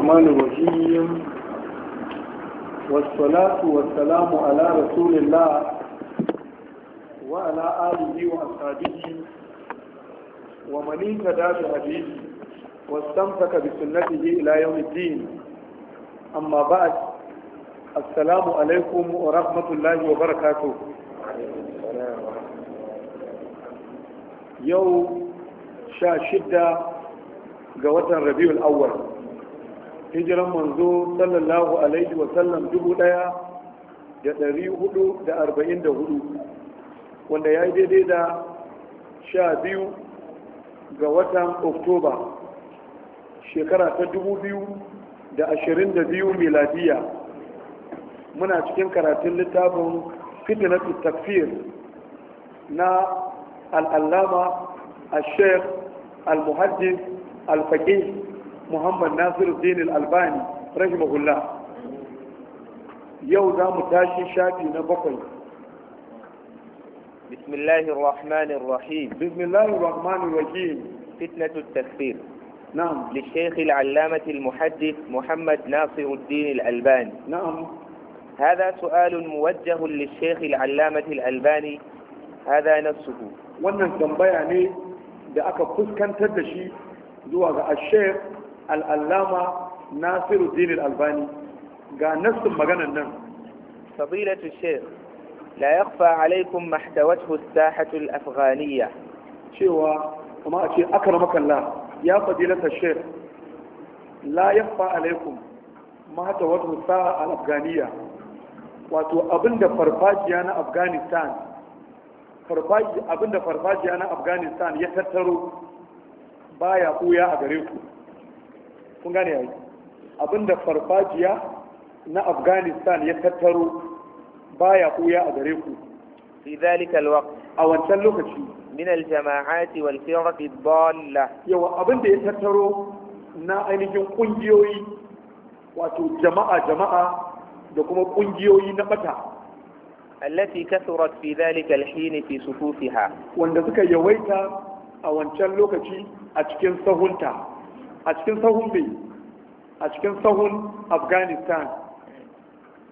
الرحمن الرحيم والصلاة والسلام على رسول الله وعلى آله وأصحابه ومن اهتدى بهديه واستمسك بسنته إلى يوم الدين أما بعد السلام عليكم ورحمة الله وبركاته يوم شاشدة ga watan rabiul awwal hijiran manzo sallallahu alaihi wa sallam dubu daya da dari hudu da arba'in da hudu wanda ya yi daidai da sha biyu ga watan oktoba shekara ta dubu biyu da ashirin da biyu miladiya muna cikin karatun littafin fitnatu takfir na al'allama al-sheikh al-muhaddis al-faqih محمد ناصر الدين الألباني رحمه الله يوزا متاشي شاكي tashi بسم الله الرحمن الرحيم بسم الله الرحمن الرحيم فتنة التكفير نعم للشيخ العلامة المحدث محمد ناصر الدين الألباني نعم هذا سؤال موجه للشيخ العلامة الألباني هذا نفسه وانا tambaya ne da aka fuskantar da shi zuwa ga al'allama nasiru dinin albani ga nassin maganan nan fadilatu shekh la yakhfa alaikum mahdawatu sahatu al-afghaniya cewa kuma a ce aka makalla ya fadilata shekh la yakhfa alaikum mahdawatu saha al-afghaniya wato abinda farfajiya na afghanistan abinda farfajiya na afghanistan ya tattaro baya kuya a gare ku kun gane abinda farfajiya na afghanistan ya tattaro baya kuya a gare ku fi zalika alwaqt a wancan lokaci min aljama'at wal firq dalla yawa abinda ya tattaro na ainihin kungiyoyi wato jama'a jama'a da kuma kungiyoyi na bata allati kathurat fi dhalika alhin fi sufufiha wanda suka yawaita a wancan lokaci a cikin sahunta a cikin sahun bai a cikin sahun afghanistan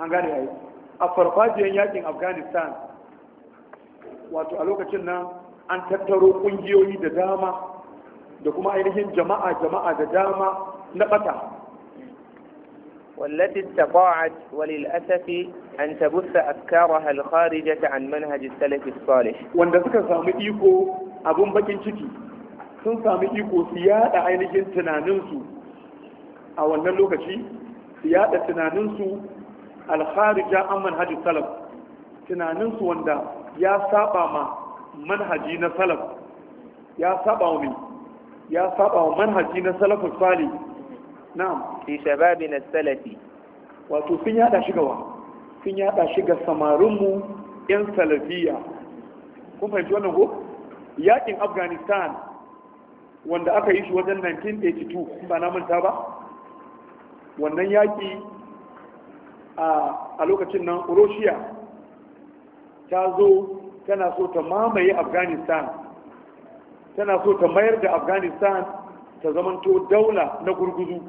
an gane ai a farfajiyar yakin afghanistan wato a lokacin nan an tattaro kungiyoyi da dama da kuma ainihin jama'a jama'a da dama na bata والتي استطاعت وللأسف أن تبث أفكارها الخارجة عن منهج السلف الصالح وأن تذكر سامئيكو أبو بكين شكي sun sami iko su yada ainihin tunaninsu a wannan lokaci su yada tunaninsu alharija an manhaji salaf tunaninsu wanda ya saba ma manhaji na salaf ya saba wa mai ya saba wa manhaji na salafus salih na'am fi shababi na salafi wato sun yada shigawa sun yada shiga samarinmu yan salafiya kun fahimci wannan ko yakin afghanistan wanda aka yi shi wajen 1982 ba na manta ba wannan yaƙi a lokacin nan russia ta zo tana so ta mamaye afghanistan tana so ta mayar da afghanistan ta zamanto daula na gurguzu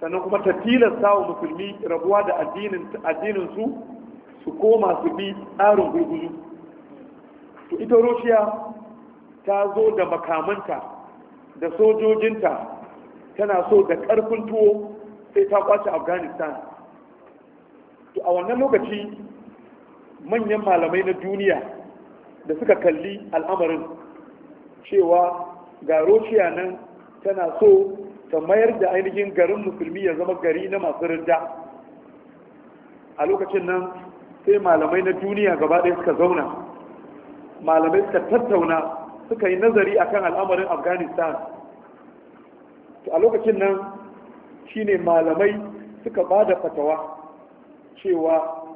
sannan kuma ta tilasta wa musulmi rabuwa da addininsu su koma su bi tsarin gurguzu to ita russia ta zo da makamanta da sojojinta tana so da karfin tuwo sai ta kwace afghanistan to a wannan lokaci manyan malamai na duniya da suka kalli al'amarin cewa ga roshiya nan tana so ta mayar da ainihin garin musulmi ya zama gari na masu rinda a lokacin nan sai malamai na duniya gaba ɗaya suka zauna malamai suka tattauna suka yi nazari a kan al'amarin afghanistan a lokacin nan shine malamai suka ba da fatawa cewa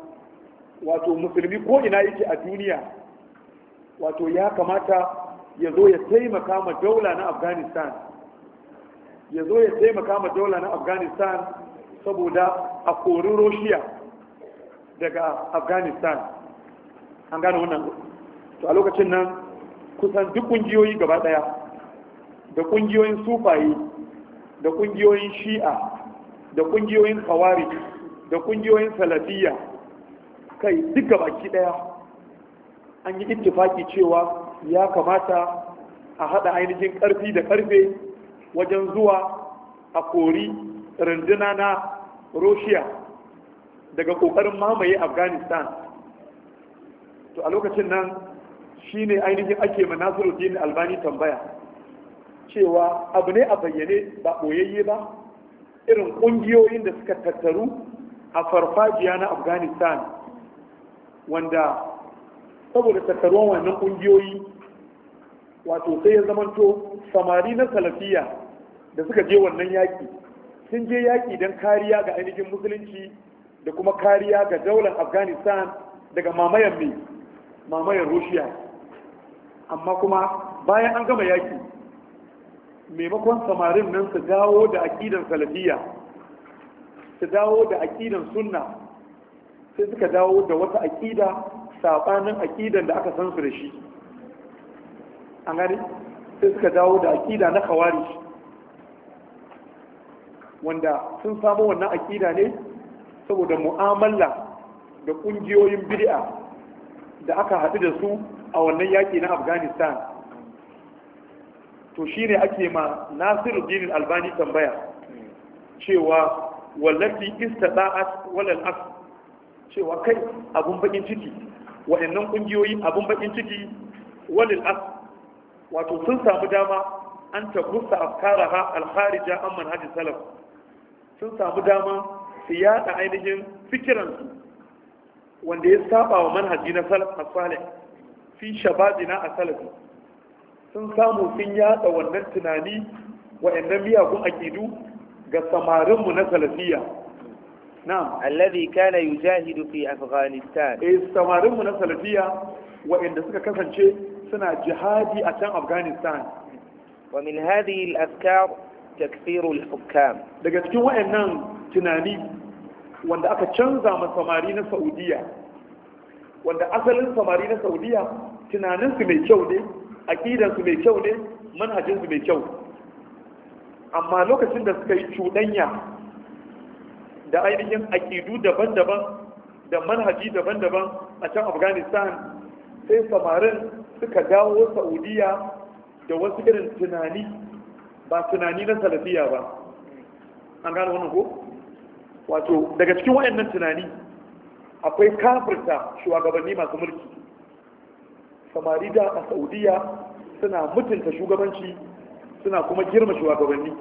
wato musulmi ko ina yake a duniya wato ya kamata ya zo ya taimaka ma daula na afghanistan ya zo ya taimaka ma daula na afghanistan saboda a korin roshiya daga afghanistan an gane wannan to a lokacin nan kusan duk kungiyoyi gaba daya da kungiyoyin sufaye da kungiyoyin shi'a da kungiyoyin kawari da kungiyoyin salafiya kai duk gabaki daya an yi ittifaki cewa ya kamata a hada ainihin karfi da karfe wajen zuwa a kori rundunar na russia daga kokarin mamaye afghanistan to a lokacin nan shine ainihin ake ma Nasiruddin Albani tambaya cewa abu ne a bayyane ba boyayye ba irin ƙungiyoyin da suka tattaru a farfajiya na Afghanistan wanda saboda tattaruwan wannan ƙungiyoyi wato sai ya zamanto samari na salafiya da suka je wannan yaƙi sun je yaƙi don kariya ga ainihin musulunci da kuma kariya ga daular afghanistan daga mamayan mai mamayan rushiya amma kuma bayan an gama yaki maimakon samarin nan su dawo da akidan salafiya su dawo da akidan sunna sai suka dawo da wata akida saɓanin akidan da aka san su da shi an gani sai suka dawo da akida na kawari wanda sun samu wannan akida ne saboda mu'amala da ƙungiyoyin bid'a da aka haɗu da su a wannan yaƙi na afghanistan to shi ne ake ma nasiru dinin albani tambaya cewa wallafi istada'at walal as cewa kai abun bakin ciki wa'annan ƙungiyoyi, abun bakin ciki walil as wato sun samu dama an tabusta afkaraha alkharija an manhajin salaf sun samu dama su yada ainihin fikiransu wanda ya saba wa manhaji na salaf as fi shababina a salafi sun samu sun yada wannan tunani wa'annan miyagun akidu ga samarinmu na salafiya na'am alladhi kana yujahidu fi afghanistan eh samarinmu na salafiya wa'anda suka kasance suna jihadi a can afghanistan wa min hadhihi al-afkar takfiru al-hukam daga cikin wa'annan tunani wanda aka canza ma samari na saudiya wanda asalin samari na saudiya tunaninsu mai kyau ne aƙidansu mai kyau ne manhajinsu mai kyau amma lokacin da suka yi cuɗanya da ainihin aƙidu daban-daban da manhaji daban-daban a can afghanistan sai samarin suka dawo saudiya da wasu irin tunani ba tunani na salafiya ba an gano wannan ko wato daga cikin wayannan tunani akwai kafirta shugabanni masu mulki samari da a saudiya suna mutunta shugabanci suna kuma girma shugabanni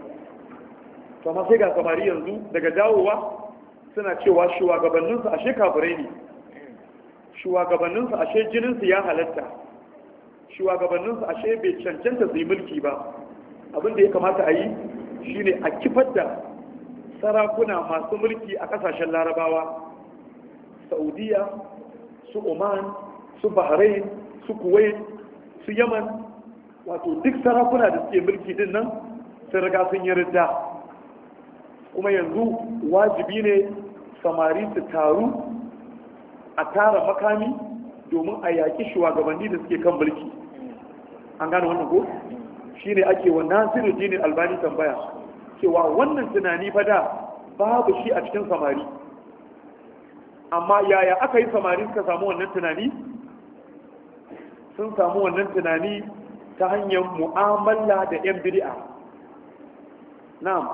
to amma sai ga samari yanzu daga dawowa suna cewa shugabanninsu ashe kafirai ne shugabanninsu ashe jininsu ya halatta shugabanninsu ashe bai cancanta su yi mulki ba abin da ya kamata a yi shine a kifar da sarakuna masu mulki a kasashen larabawa saudiya su oman su bahrain su kuwait su yaman wato duk sarakuna da suke mulki din nan sun riga sun yi rida kuma yanzu wajibi ne samari su taru a tara makami domin a yaƙi shugabanni da suke kan mulki an gane wannan ko shine ake wa nasiru dinin albani tambaya cewa wannan tunani fa da babu shi a cikin samari amma yaya aka yi samari suka samu wannan tunani sun samu wannan tunani ta hanyar mu'amala da yan bid'a na'am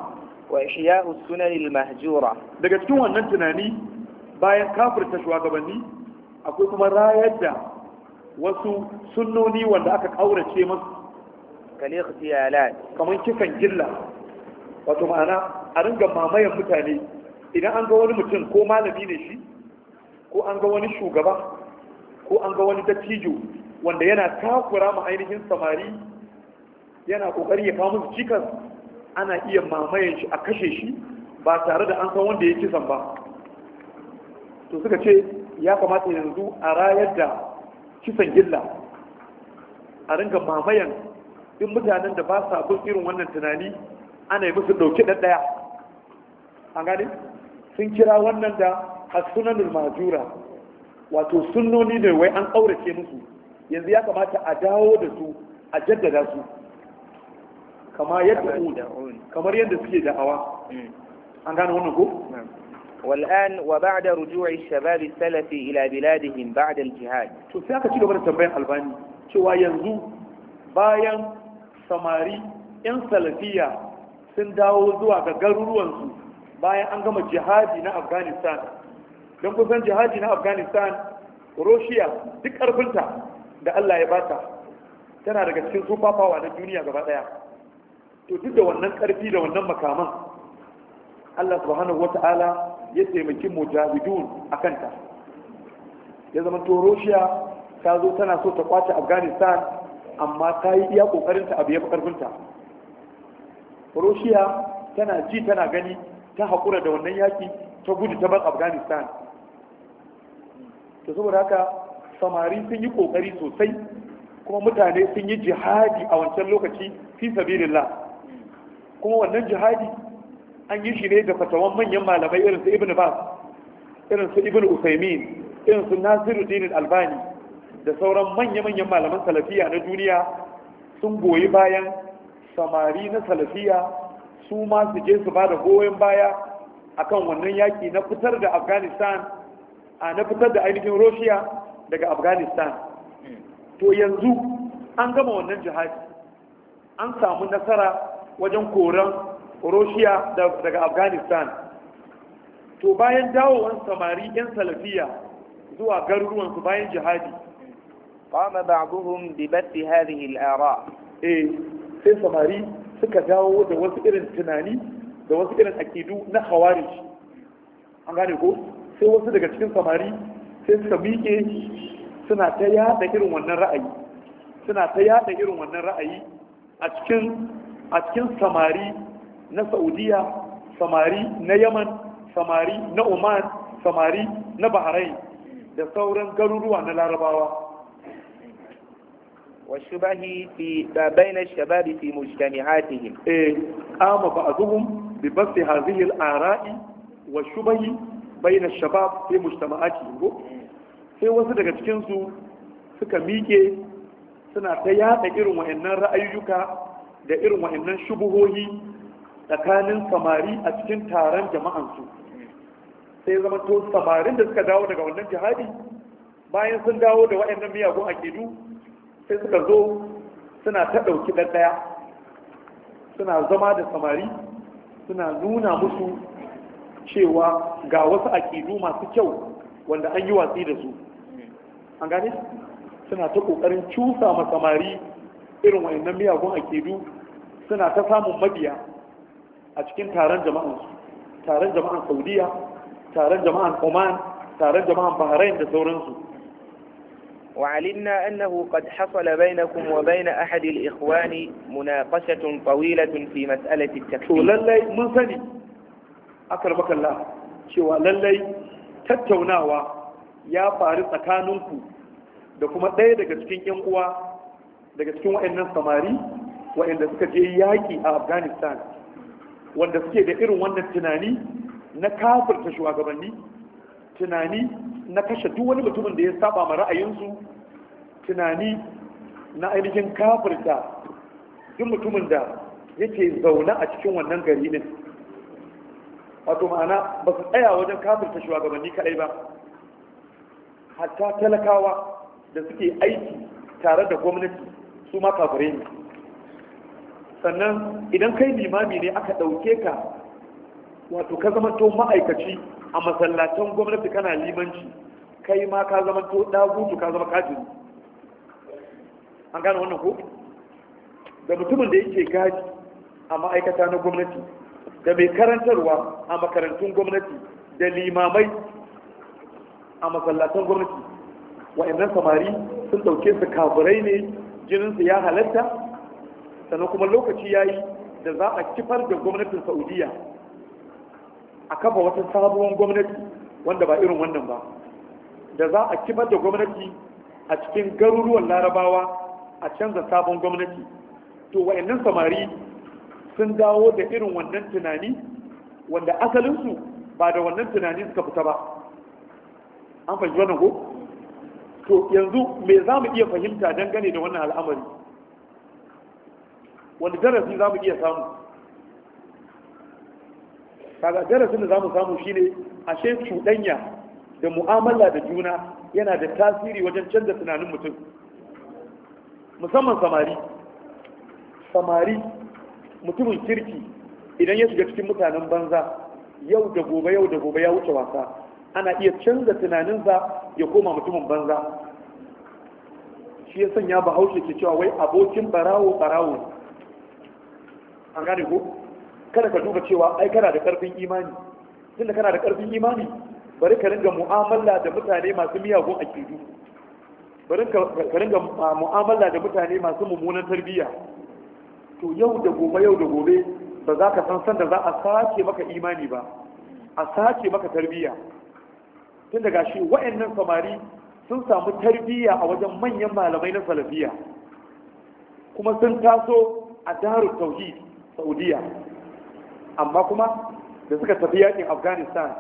wa ihya'us sunan mahjura daga cikin wannan tunani bayan kafirta shugabanni akwai kuma rayar da wasu sunnoni wanda aka kaurace masu kale ikhtiyalat kaman kisan gilla wato ma'ana a ringa mamayan mutane idan an ga wani mutum ko malami ne shi ko an ga wani shugaba ko an ga wani dattijo wanda yana takura ma ainihin samari yana kokari ya kawo musu cikas ana iya mamayen shi a kashe shi ba tare da an san wanda ya kisan ba to suka ce ya kamata yanzu a rayar da kisan gilla a ringa mamayan in mutanen da ba sa bin irin wannan tunani ana yi musu ɗauki da ɗaya an gane sun kira wannan da hasunanul majura wato sunnoni ne wai an ƙaurace musu yanzu ya kamata a dawo da su a jaddada su kama yadda kamar yadda suke da'awa an gane wannan ko والآن وبعد رجوع الشباب السلفي إلى بلادهم بعد الجهاد شو سيأكا تيجي بنا تنبيه الباني شو ينزو باين سماري إن سلفية سنداو زوا غرورو أنسو باين أنغم جهادي نا أفغانستان don kusan jihadi na afghanistan russia duk karfinta da allah ya bata tana daga cikin super na duniya gaba daya to duk da wannan karfi da wannan makaman allah subhanahu wata'ala ya taimaki mujahidun a kanta ya zama to russia ta zo tana so ta kwace afghanistan amma ta yi iya kokarinta abu ya fi karfinta russia tana ji tana gani ta haƙura da wannan yaƙi ta gudu ta bar afghanistan to saboda haka samari sun yi kokari sosai kuma mutane sun yi jihadi a wancan lokaci fi sabilillah kuma wannan jihadi an yi shi ne da fatawan manyan malamai irin ibn bas irin ibn usaimin irin Nasiru nasiruddin albani da sauran manya-manyan malaman salafiya na duniya sun goyi bayan samari na salafiya su ma su je su ba da goyon baya akan wannan yaki na fitar da afghanistan a na fitar da ainihin roshiya daga afghanistan to yanzu an gama wannan jihadi an samu nasara wajen koran roshiya daga afghanistan to bayan dawowar samari 'yan salafiya zuwa garuruwansu bayan jihadi قام بعضهم ببث هذه الآراء إيه sai samari suka dawo da wasu irin tunani da wasu irin akidu na khawarij an gane ko sai wasu daga cikin samari sai suka miƙe suna ta yada irin wannan ra'ayi suna ta yada irin wannan ra'ayi a cikin a cikin samari na saudiya samari na yaman samari na oman samari na bahrain da sauran garuruwa na larabawa fi في بين الشباب في ba إيه قام بعضهم ببث arai wa shubahi baina shabab sai mujtama'ati ko sai wasu daga cikinsu suka mike suna ta yada irin wayannan ra'ayyuka da irin wayannan shubuhohi tsakanin samari a cikin taron jama'ansu sai zama to samarin da suka dawo daga wannan jihadi bayan sun dawo da wayannan miyagun akidu sai suka zo suna ta dauki ɗaya suna zama da samari suna nuna musu cewa ga wasu aƙidu masu kyau wanda an yi watsi da su an gane suna ta ƙoƙarin cusa ma samari irin wayannan miyagun aƙidu suna ta samun mabiya a cikin taron jama'ansu taron jama'an saudiya taron jama'an oman taron jama'an bahrain da sauransu وعلمنا أنه قد حصل بينكم وبين أحد الإخوان مناقشة طويلة في مسألة التكفير. akar bakalla cewa lallai tattaunawa ya faru tsakaninku da kuma ɗaya daga cikin yan uwa daga cikin waɗannan samari waɗanda suka je yaƙi a afghanistan wanda suke da irin wannan tunani na kafirta shugabanni tunani na kashe duk wani mutumin da ya saba ma ra'ayinsu tunani na ainihin kafirta duk mutumin da yake zaune a cikin wannan gari ne. wato ma'ana ba su tsaya wajen kafirta shugabanni kaɗai ba hatta talakawa da suke aiki tare da gwamnati su ma kafure ne sannan idan kai limami ne aka ɗauke ka wato ka zamanto ma'aikaci a masallacin gwamnati kana limanci kai ma ka zamanto ɗagutu ka zama kafiri an gane wannan ko da mutumin da yake gaji a ma'aikata na gwamnati da mai karantarwa a makarantun gwamnati da limamai a masallatan gwamnati wa'annan samari sun ɗauke su kafirai ne jininsu ya halatta sannan kuma lokaci ya yi da za a kifar da gwamnatin saudiya a kafa wata sabuwar gwamnati wanda ba irin wannan ba da za a kifar da gwamnati a cikin garuruwan larabawa a canza sabon gwamnati to wa'annan samari sun dawo da irin wannan tunani wanda asalinsu ba da wannan tunani suka fita ba an fahimci wannan ko to yanzu me za mu iya fahimta dangane da wannan al'amari wanda darasi za mu iya samu kaga darasin da za mu samu shine ashe cuɗanya da mu'amala da juna yana da tasiri wajen canza tunanin mutum musamman samari samari mutumin kirki idan ya shiga cikin mutanen banza yau da gobe yau da gobe ya wuce wasa ana iya canza tunaninsa ya koma mutumin banza shi ya sanya bahaushe ke cewa wai abokin barawo barawo an gane ko kada ka duba cewa ai kana da karfin imani tunda kana da karfin imani bari ka ringa mu'amala da mutane masu miyagun akidu bari ka ringa ah, mu'amala da mutane masu mummunan tarbiyya to yau da gobe yau da gobe ba za ka san sanda za a sace maka imani ba a sace maka tarbiyya tun daga shi wa'annan samari sun samu tarbiyya a wajen manyan malamai na salafiya kuma sun taso a darul tauhid saudiya amma kuma da suka tafi yakin afghanistan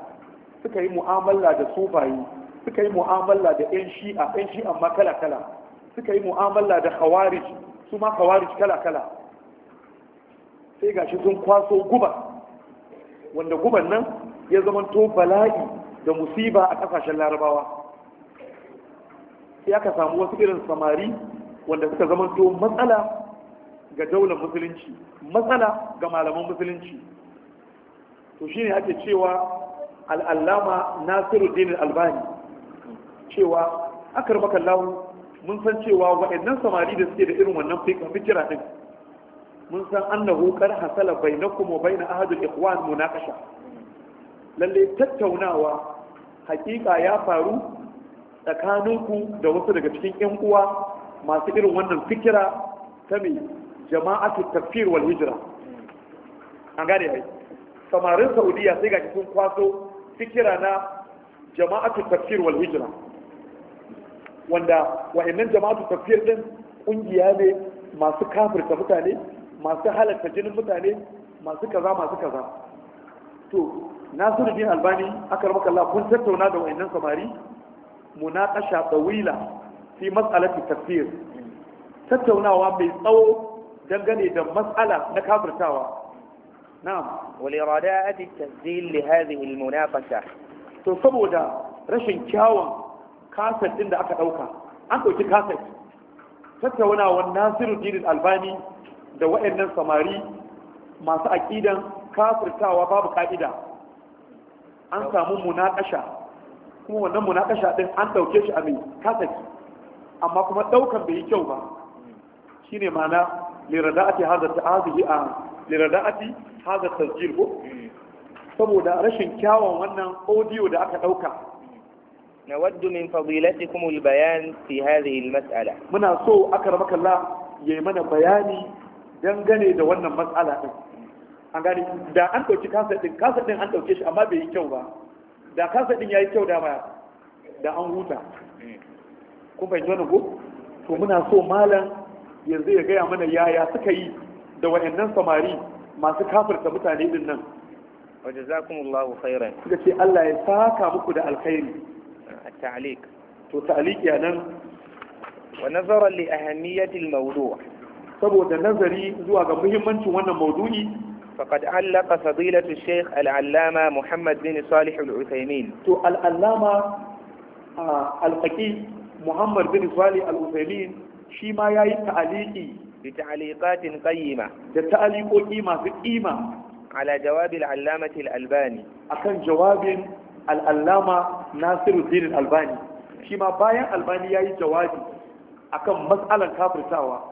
suka yi mu'amala da sufayi suka yi mu'amala da 'yan shi'a 'yan shi'a ma kala-kala suka yi mu'amala da khawarij su ma khawarij kala-kala sai gashi sun kwaso guba wanda guban nan ya zamanto bala'i da musiba a kasashen larabawa sai aka samu wasu irin samari wanda suka zamanto matsala ga daular musulunci matsala ga malaman musulunci to shine ake cewa al'allama nasiruddin albani cewa akar makallahu mun san cewa waɗannan samari da suke da irin wannan fikira ɗin mun san annahu kar hasala bainakum wa bain ahadul ikhwan munaqasha lalle tattaunawa hakika ya faru tsakaninku da wasu daga cikin yan uwa masu irin wannan fikira ta mai jama'atu tafsir wal hijra an gane ai samarin saudiya sai ga cikin kwaso fikira na jama'atu tafsir wal hijra wanda wa'annan jama'atu tafsir din kungiya ne masu kafirta mutane masu halatta jinin mutane masu kaza masu kaza to nasiru nasiruddin albani aka rama kalla kun tattauna da wayannan samari munaqasha tawila fi mas'alati tafsir tattaunawa mai tsawo dangane da mas'ala na kafirtawa na'am wal irada'ati tazdil li hadhihi al munaqasha to saboda rashin kyawun kasar din da aka dauka an dauki kasar nasiru nasiruddin albani da waɗannan samari masu aƙidan kafirtawa babu ƙa'ida an samu munaƙasha kuma wannan munaƙasha ɗin an ɗauke shi a mai kasaki amma kuma ɗaukan bai yi kyau ba shi ne mana liradati haza ta'azihi a liradati haza tasjil ko saboda rashin kyawun wannan audio da aka ɗauka نود من فضيلتكم البيان في هذه المسألة. منا سو أكرمك الله mana بياني dangane da wannan matsala din an gane da an ɗauki kasa ɗin kasa ɗin an ɗauke shi amma bai yi kyau ba da kasa ɗin ya yi kyau dama da an huta kun fahimci wannan ko to muna so malam yanzu ya gaya mana yaya suka yi da waɗannan samari masu kafirta mutane din nan wajen za kuma Allahu khairan suka ce Allah ya saka muku da alkhairi a ta'alik to ta'alik ya nan wa nazarar li ahamiyatil mawdu' saboda nazari zuwa ga muhimmancin wannan maudu'i فقد علق فضيلة الشيخ العلامة محمد بن صالح العثيمين تو العلامة الفقي محمد بن صالح العثيمين شي ما ياي تعليقي بتعليقات قيمة تعليق قيمة في قيمة على جواب العلامة الألباني أكن جواب العلامة ناصر الدين الألباني شي ما باين الألباني ياي جوابي أكن مسألة كافر ساوى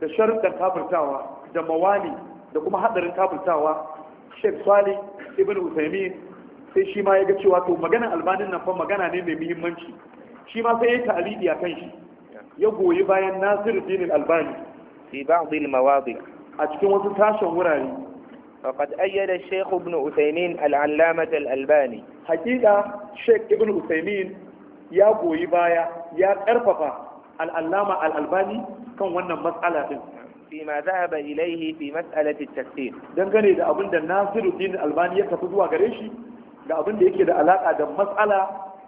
da sharuɗan kafirtawa da mawali da kuma haɗarin kafirtawa Sheikh sali Ibn Uthaymeen sai shi ma ya ga cewa to maganar albanin nan fa magana ne mai muhimmanci shi ma sai ya yi ta'alidi a kan shi ya goyi bayan Nasiruddin Albani fi ba'd al-mawadi a cikin wasu tashin wurare فقد أيد Ibn ابن أثيمين العلامة albani. haƙiƙa الشيخ Ibn usaimin ya goyi baya ya ƙarfafa. al'allama al'albani kan wannan matsala din فيما ذهب إليه في مسألة التفسير dangane da Nasiru da Nasiruddin Albani ya tafi zuwa gare shi da abin yake da alaka da matsala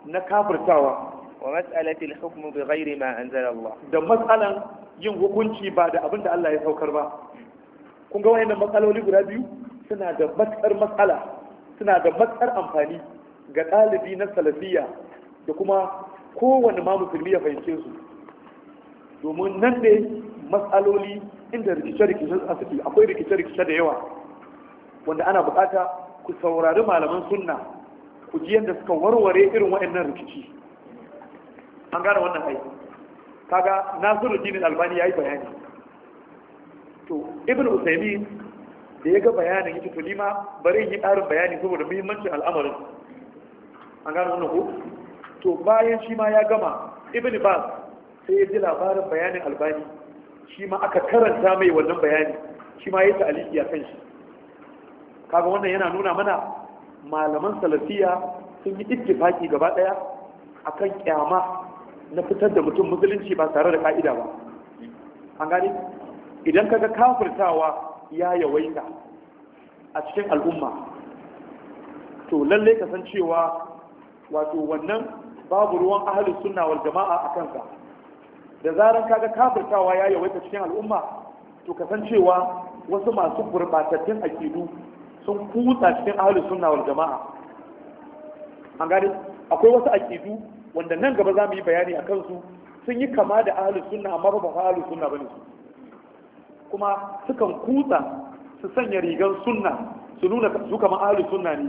na kafirtawa wa mas'alatil hukmu bi ghairi ma anzala Allah da matsalan yin hukunci ba da abin Allah ya saukar ba kun ga wayannan matsaloli guda biyu suna da matsar matsala suna da matsar amfani ga ɗalibi na salafiya da kuma kowane ma musulmi ya fahimce su domin nan ne matsaloli inda rikice-rikice a akwai rikice-rikice da yawa wanda ana bukata ku saurari malaman sunna ku ji yadda suka warware irin waɗannan rikici an gane wannan aiki kaga nasiru dinin albani ya yi bayani to ibn usaimi da ya ga bayanin yake to bari yi ƙarin bayani saboda muhimmancin al'amarin an gane wannan ko to bayan shi ma ya gama ibn bas sai ya ji labarin bayanin albani shi ma aka karanta mai wannan bayani shi ma ya ta'aliki a kan shi kaga wannan yana nuna mana malaman salafiya sun yi ittifaki gaba daya akan kyama na fitar da mutum musulunci ba tare da ka'ida ba an gani idan kaga kafirtawa ya yawaita a cikin al'umma to lalle cewa wato wannan babu ruwan ahalus sunna jama'a a kansa. da zaran kaga kafirtawa ya yawaita cikin al'umma to kasancewa wasu masu gurbatattun akidu sun kutsa cikin ahlus sunna wal jama'a an gani akwai wasu akidu wanda nan gaba za mu yi bayani akan su sun yi kama da ahlus sunna amma ba fa ahlus sunna bane kuma sukan kutsa su sanya rigar sunna su nuna su kamar ahlus sunna ne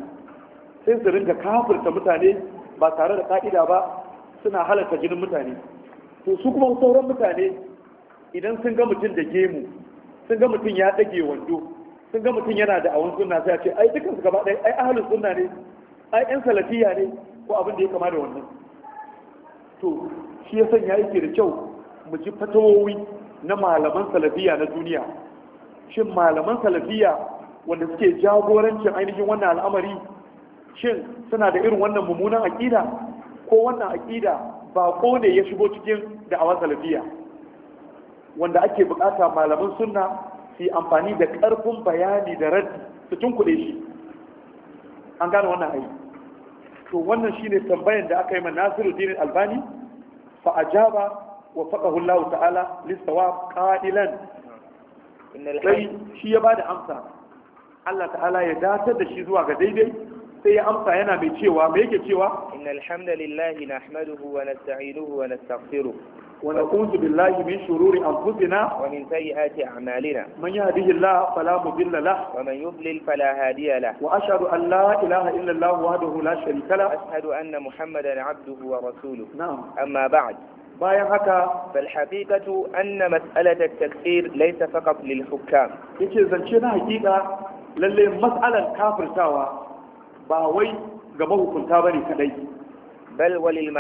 sai su ringa kafirta mutane ba tare da ka'ida ba suna halarta jinin mutane to su kuma sauran mutane idan sun ga mutum da gemu sun ga mutum ya dage wando sun ga mutum yana da awon sunna sai a ce ai dukansu gaba ɗaya ai ahalin sunna ne ai yan salafiya ne ko abin da ya kama da wannan to shi ya sanya yake da kyau mu ji fatawowi na malaman salafiya na duniya shin malaman salafiya wanda suke jagorancin ainihin wannan al'amari shin suna da irin wannan mummunan aƙida ko wannan aƙida baƙo ne ya shigo cikin da'awar salafiya wanda ake bukata malaman sunna su amfani da ƙarfin bayani da raddi su kuɗe shi an gane wannan ayi to wannan shine tambayan da aka yi Nasiru Nasiruddin Albani fa ajaba wa faqahu Allah ta'ala lisawab qailan sai shi ya bada amsa Allah ta'ala ya datar da shi zuwa ga daidai sai ya amsa yana mai cewa me yake cewa innal hamdalillahi nahmaduhu wa nasta'inuhu wa nastaghfiruh wa na'udhu billahi min shururi anfusina wa min sayyiati a'malina man yahdihillahu fala mudilla lahu wa man yudlil fala hadiya lahu wa ashhadu an la ilaha illa allah wahdahu la sharika lahu ashhadu anna muhammadan abduhu wa rasuluh na'am amma ba'd bayan haka bal haqiqatu anna mas'alat at-takfir laysa faqat lil hukam yace zance na hakika lalle mas'alan kafirtawa ba wai ga mahukunta bane kadai bal walil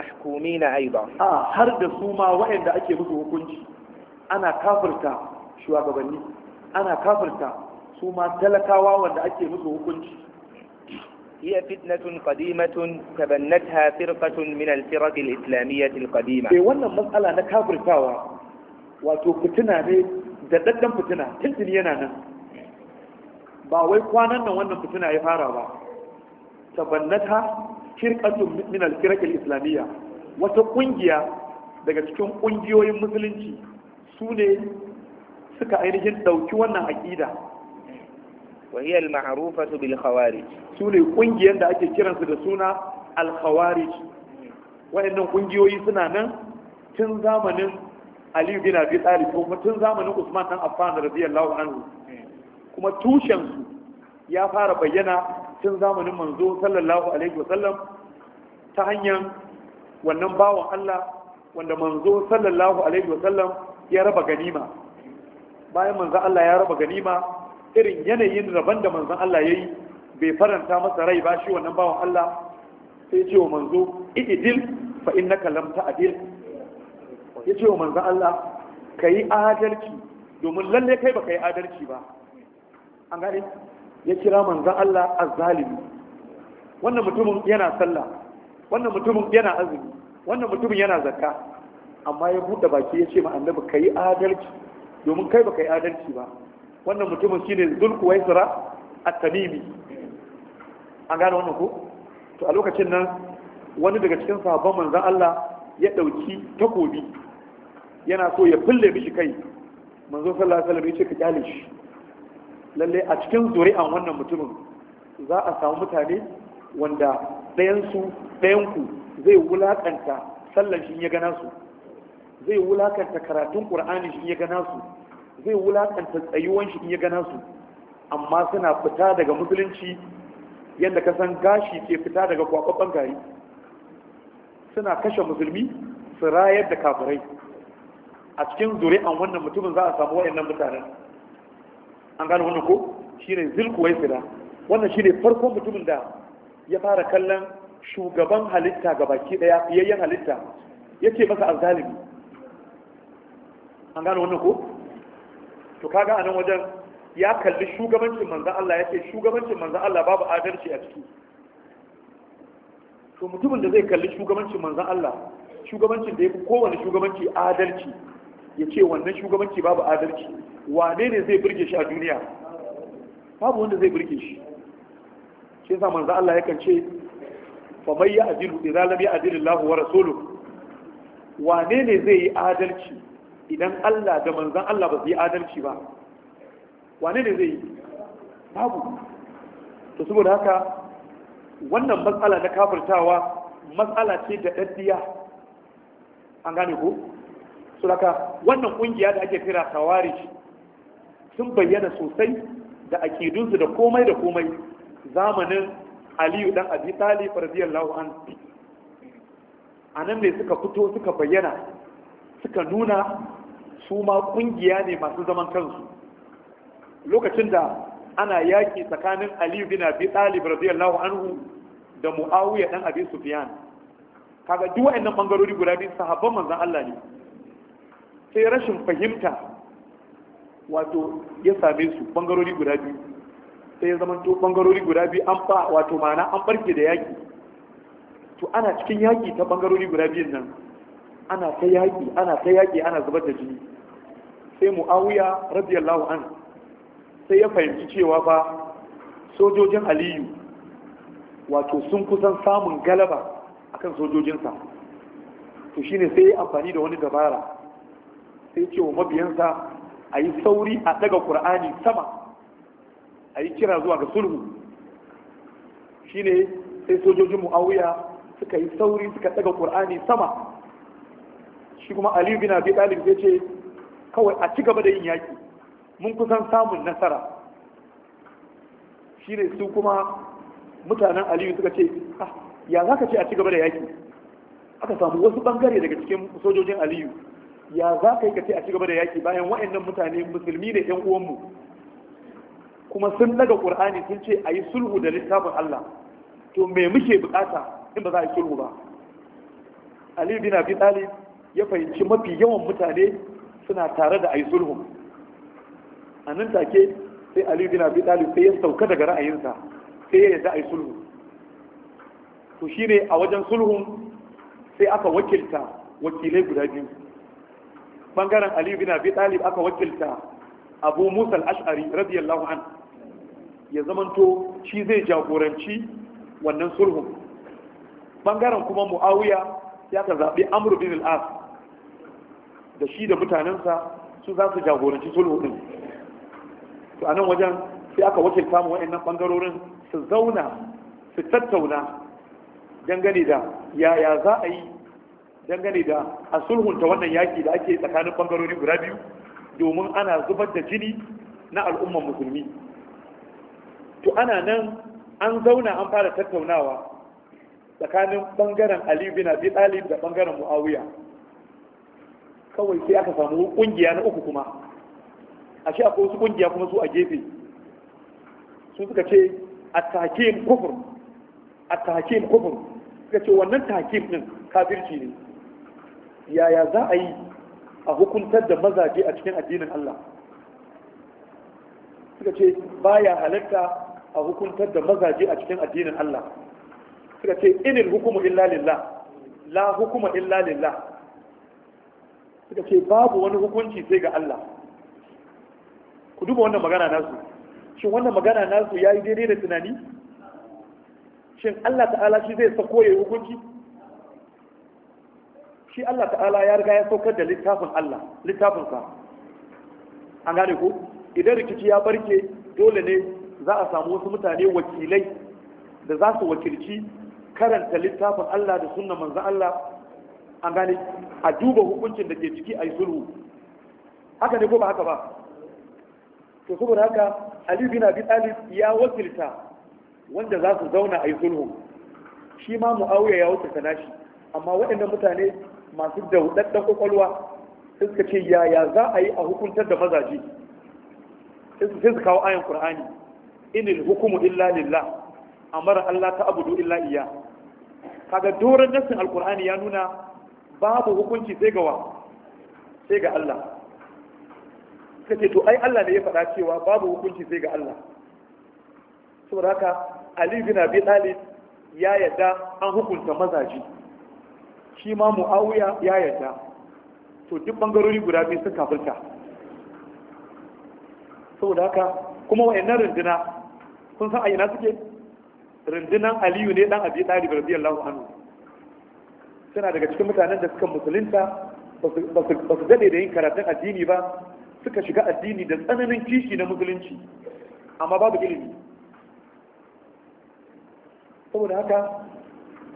na aiba a har da su ma waɗanda ake musu hukunci ana kafirta shugabanni ana kafirta su ma talakawa wanda ake musu hukunci هي فتنة قديمة تبنتها فرقة من الفرق الإسلامية القديمة إيه وانا مسألة أنا كافر واتو فتنة دي دردن فتنة تلتن ينانا ba wai kwanan nan wannan fituna ya fara ba tabannata firqatun min al-firq al-islamiyya wata kungiya daga cikin kungiyoyin musulunci su ne suka ainihin dauki wannan aqida wa hiya al marufa bil khawarij su ne kungiyar da ake kiransu da suna al-khawarij wayannan kungiyoyi suna nan tun zamanin Ali bin Abi Talib ko tun zamanin Usman dan Affan radiyallahu anhu kuma tushen su ya fara bayyana tun zamanin manzo sallallahu alaihi wasallam ta hanyar wannan bawan Allah wanda manzo sallallahu alaihi wasallam ya raba ganima bayan manzo Allah ya raba ganima irin yanayin raban da manzon Allah ya yi bai faranta masa rai ba shi wannan bawan Allah sai ya ce wa manzo idil fa innaka lam ta'dil ya ce wa manzo Allah kai adalci domin lalle kai baka yi adalci ba an gane ya kira manzan Allah azzalimi wannan mutumin yana sallah wannan mutumin yana azumi wannan mutumin yana zakka amma ya buɗe baki ya ce ma annabi ka yi adalci domin kai baka yi adalci ba wannan mutumin shine zulkuwaisra at-tamimi an gane wannan ko to a lokacin nan wani daga cikin sahabban manzan Allah ya dauki takobi yana so ya fulle mishi kai manzo sallallahu alaihi wasallam ya ce ka kyale shi lalle a cikin zuri'an wannan mutumin za a samu mutane wanda ɗayansu ɗayanku zai wulaƙanta sallan shi ya gana su zai wulaƙanta karatun ƙur'ani shi ya gana su zai wulaƙanta tsayuwan shi ya gana su amma suna fita daga musulunci yadda ka san gashi ke fita daga kwakwabban gari suna kashe musulmi su rayar da kafirai a cikin zuri'an wannan mutumin za a samu waɗannan mutanen an gano wani ko wai zulkuwaisira wannan shi ne farkon mutumin da ya fara kallon shugaban halitta ga baki daya fiyayyen halitta ya ce masa azalimi. an gano wannan ko to kaga anan wajen ya kalli shugabancin manzan Allah ya ce shugabancin manzan Allah babu adalci a ciki to mutumin da zai kalli shugabancin manzan Allah shugabancin da ya fi kowane shugabanci adalci ya ce wannan shugabanci babu adalci wane ne zai birge shi a duniya babu wanda zai birge shi shi sa manzo Allah yakan ce fa may ya'dilu idza lam ya'dil Allah wa rasuluhu wane ne zai yi adalci idan Allah da manzon Allah ba su yi adalci ba wane ne zai yi babu to saboda haka wannan matsala na kafirtawa matsala ce da daddiya an gane ko suraka wannan kungiya da ake kira tawarij sun bayyana sosai da akidunsu da komai da komai zamanin aliyu dan abi talib radiyallahu An. a nan ne suka fito suka bayyana suka nuna su ma kungiya ne masu zaman kansu lokacin da ana yaki tsakanin aliyu bin abi talib radiyallahu anhu da muawiya dan abi sufyan kaga duk wayannan bangarori guda biyu sahabban manzon Allah ne sai rashin fahimta wato ya same su bangarori guda biyu sai ya zama to bangarori guda biyu an ba wato mana an barke da yaki to ana cikin yaki ta bangarori guda biyun nan ana ta yaki ana ta yaki ana zubar da jini sai muawiya radiyallahu an sai ya fahimci cewa fa sojojin aliyu wato sun kusan samun galaba akan sojojinsa to shine sai ya amfani da wani dabara sai ce wa mabiyansa a yi sauri a daga qur'ani sama a yi kira zuwa ga sulhu shine sai sojojin muawiya suka yi sauri suka daga qur'ani sama shi kuma ali bin abi talib zai ce kawai a ci gaba da yin yaƙi mun kusan samun nasara shine su kuma mutanen aliyu suka ce ah, ya za ka ce a ci gaba da yaƙi aka samu wasu bangare daga cikin sojojin aliyu ya za ka yi kace a cigaba da yaki bayan wa'annan mutane musulmi ne yan uwanmu kuma sun daga qur'ani sun ce a yi sulhu da littafin Allah to me muke bukata in ba za a yi sulhu ba Ali bin Abi Talib ya fahimci mafi yawan mutane suna tare da a yi sulhu a nan take sai Ali bin Abi Talib sai ya sauka daga ra'ayinsa sai ya yarda a yi sulhu to shine a wajen sulhun sai aka wakilta wakilai guda biyu bangaren Aliyu bin abi talib aka wakilta abu musa al-ash'ari radiyallahu an ya zamanto shi zai jagoranci wannan sulhun bangaren kuma muawiya ya ka zaɓi amru bin al-as da shi da mutanensa su za su jagoranci sulhu din to anan wajen sai aka wakilta mu wa'annan bangarorin su zauna su tattauna dangane da yaya za a yi dangane da a sulhunta wannan yaki da ake tsakanin bangarori guda biyu domin ana zubar da jini na al'umman musulmi to ana nan an zauna an fara tattaunawa tsakanin bangaren Ali bin Abi Talib da bangaren Muawiya kawai sai aka samu kungiya na uku kuma a shi akwai wasu kungiya kuma su a gefe su suka ce a tahkim kufr a suka ce wannan takin din kafirci ne yaya za a yi a hukuntar da mazaje a cikin addinin Allah suka ce baya halatta a hukuntar da mazaje a cikin addinin Allah suka ce inil hukumu illa lillah la hukuma illa lillah suka ce babu wani hukunci sai ga Allah ku duba wannan magana nasu shin wannan magana nasu yayi daidai da tunani shin Allah ta'ala shi zai sako yayi hukunci shi Allah ta'ala ya riga ya saukar da littafin Allah littafin sa an gane ku. idan rikici ya barke dole ne za a samu wasu mutane wakilai da za su wakilci karanta littafin Allah da sunna manzo Allah an gane a duba hukuncin da ke ciki a yi sulhu haka ne ko ba haka ba to saboda haka Ali bin Abi Talib ya wakilta wanda za su zauna a yi sulhu shi ma Muawiya ya wakilta nashi amma waɗannan mutane masu da daudaddan kwakwalwa sai suka ce yaya za a yi a hukuntar da mazaje sai su kawo ayan qur'ani inil hukumu illa lillah amara Allah ta abudu illa iya kaga doron nassin alqur'ani ya nuna babu hukunci sai ga wa sai ga Allah suka ce to ai Allah ne ya faɗa cewa babu hukunci sai ga Allah saboda haka Ali bin Abi Talib ya yadda an hukunta mazaje shi ma mu'awiya ya yarda to duk bangarori guda biyu sun kafirta saboda haka kuma wayannan runduna kun san ayyana suke rundunan aliyu ne dan abi talib radiyallahu anhu suna daga cikin mutanen da suka musulunta ba su daɗe da yin karatun addini ba suka shiga addini da tsananin kishi na musulunci amma babu ilimi saboda haka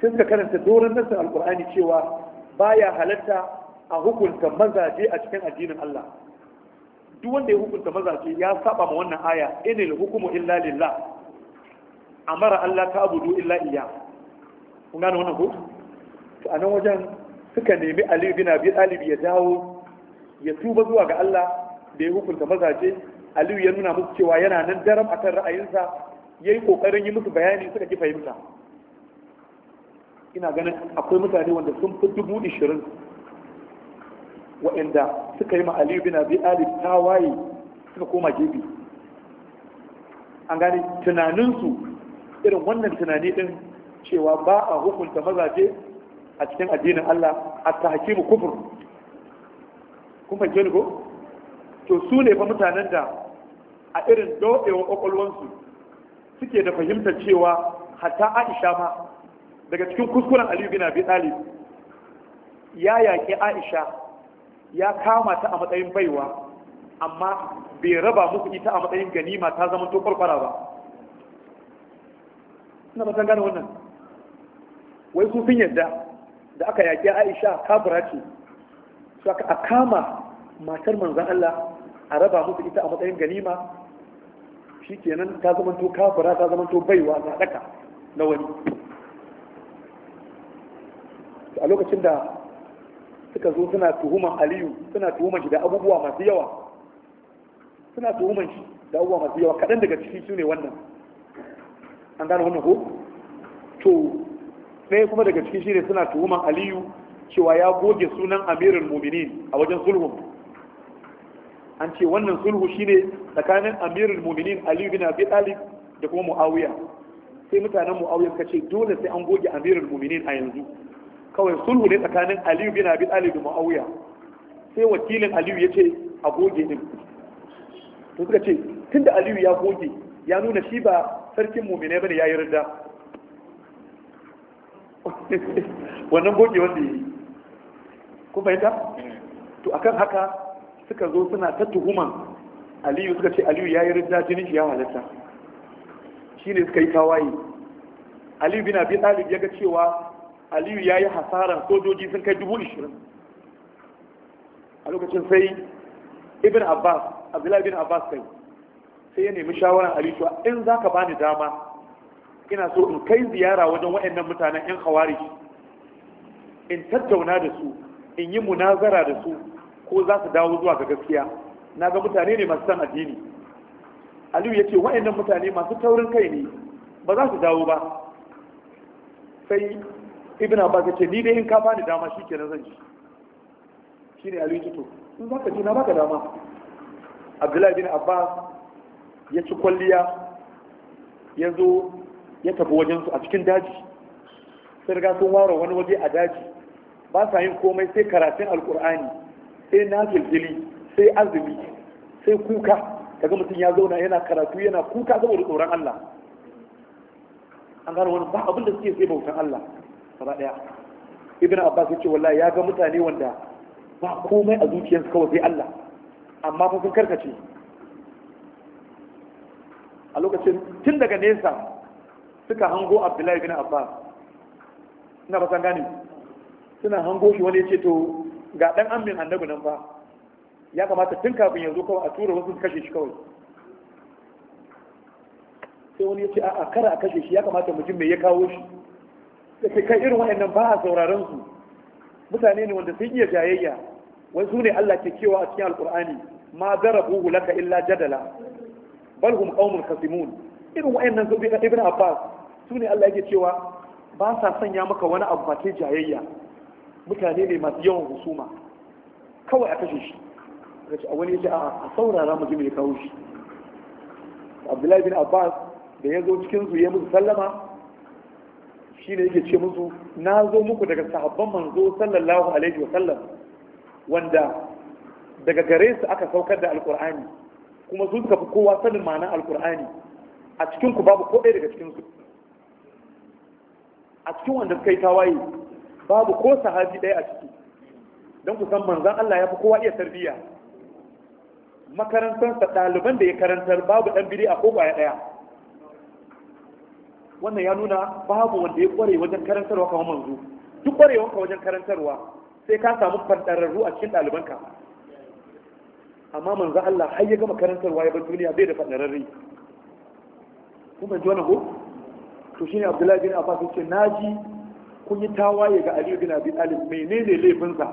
sun suka karanta doron nasar alkur'ani cewa baya halatta a hukunta mazaje a cikin addinin Allah duk wanda ya hukunta mazaje ya saba ma wannan aya inil hukumu illa lillah amara Allah ta abudu illa iya kun gane wannan ko to anan wajen suka nemi Ali bin Abi Talib ya dawo ya tuba zuwa ga Allah da ya hukunta mazaje Aliyu ya nuna musu cewa yana nan daram akan ra'ayinsa yayi kokarin yi musu bayani suka ki fahimta ina ganin akwai mutane wanda sun fi dubu ishirin waɗanda suka yi ma'aliyu bin abi alif waye suka koma gefe an gane tunaninsu irin wannan tunani ɗin cewa ba a hukunta mazaje a cikin addinin Allah a ta hakimu kufur Kuma fahimce ko to su ne fa mutanen da a irin doɗewa ƙwaƙwalwansu suke da fahimtar cewa hatta Aisha ma daga cikin kuskuren aliyu bin abi talib ya yaƙi aisha ya kama ta a matsayin baiwa amma bai raba musu ita a matsayin ganima ta zama to kwarkwara ba ina ba gane wannan wai su sun yadda da aka yaƙi aisha kafura ce su aka kama matar manzan Allah a raba musu ita a matsayin ganima shi kenan ta zama to ta zama to baiwa na daka na wani a lokacin da suka zo suna tuhuman aliyu suna tuhuman shi da abubuwa masu yawa suna tuhuman shi da abubuwa masu yawa kaɗan daga ciki su ne wannan an gano wannan ko to ɗaya kuma daga ciki shi ne suna tuhuman aliyu cewa ya goge sunan amirin mumini a wajen sulhun an ce wannan sulhu shine tsakanin amirin muminin aliyu bin abi talib da kuma muawiya sai mutanen muawiya suka ce dole sai an goge amirin muminin a yanzu kawai sulhu ne tsakanin aliyu bin abi talib da muawiya sai wakilin aliyu ya ce a goge din to suka ce tunda aliyu ya goge ya nuna shi ba sarkin mumine bane yayi ridda wannan goge wanda yi kun fahimta to akan haka suka zo suna ta tuhuman aliyu suka ce aliyu ya yi ridda jinin shi ya halatta shi ne suka yi tawaye aliyu bin abi talib ya ga cewa aliyu ya yi hasaran sojoji sun kai dubu ishirin a lokacin sai ibn abbas abdullahi ibn abbas kai sai ya nemi shawarar aliyu cewa in za ka bani dama ina so in kai ziyara wajen waɗannan mutanen yan hawari in tattauna da su in yi munazara da su ko za su dawo zuwa ga gaskiya na ga mutane ne masu san addini aliyu ya ce waɗannan mutane masu taurin kai ne ba za su dawo ba sai ibn abbas ya ce ni dai in ka bani dama shi kenan zan ji shi ne aliyu in za ka ji na baka dama abdullahi bin abbas ya ci kwalliya ya zo ya tafi wajensu a cikin daji sai daga sun ware wani waje a daji ba sa yin komai sai karatun alkur'ani sai na filfili sai azumi sai kuka kaga mutum ya zauna yana karatu yana kuka saboda tsoron allah an gano wani ba abin da suke sai bautan allah gaba daya ibn abbas yace wallahi ya ga mutane wanda ba komai a zuciyarsu kawai sai Allah amma fa sun karkace a lokacin tun daga nesa suka hango abdullahi ibn abbas ina ba san gani suna hango shi wani ya ce to ga dan amin annabi nan ba ya kamata tun kafin yanzu kawai a tura wasu kashe shi kawai sai wani ya ce a'a kara a kashe shi ya kamata mu ji ya kawo shi da ke kai irin waɗannan ba a sauraron su mutane ne wanda sun iya jayayya wai su ne Allah ke cewa a cikin alkur'ani ma darabuhu laka illa jadala bal hum qaumun kasimun. irin waɗannan su bi ibn abbas su ne Allah yake cewa ba sa sanya maka wani abu ba ke jayayya mutane ne masu yawan husuma kawai a kashe shi a wani yace a saurara mu ji me kawo shi Abdullahi bin Abbas da ya zo cikin su ya musu sallama Shi ne yake ce musu na zo muku daga sahabban manzo sallallahu alaihi wa sallam wanda daga gare su aka saukar da alkur'ani kuma su suka fi kowa sanin ma'anar alkur'ani a cikin ku babu ko ɗaya daga cikin su a cikin wanda suka yi tawaye babu ko sahabi ɗaya a ciki don ku san manzan Allah ya fi kowa iya tarbiyya sa ɗaliban da ya karantar babu ɗan biri a ko ɗaya wannan ya nuna babu wanda ya kware wajen karantarwa kamar manzo duk wanka wajen karantarwa sai ka samu fantararru a cikin ɗalibanka amma manzo Allah har ya gama karantarwa ya bar duniya bai da fantararri kuma ji wannan ko to shine Abdullahi bin Abbas yace naji kun yi tawaye ga Ali bin Abi Talib menene sa?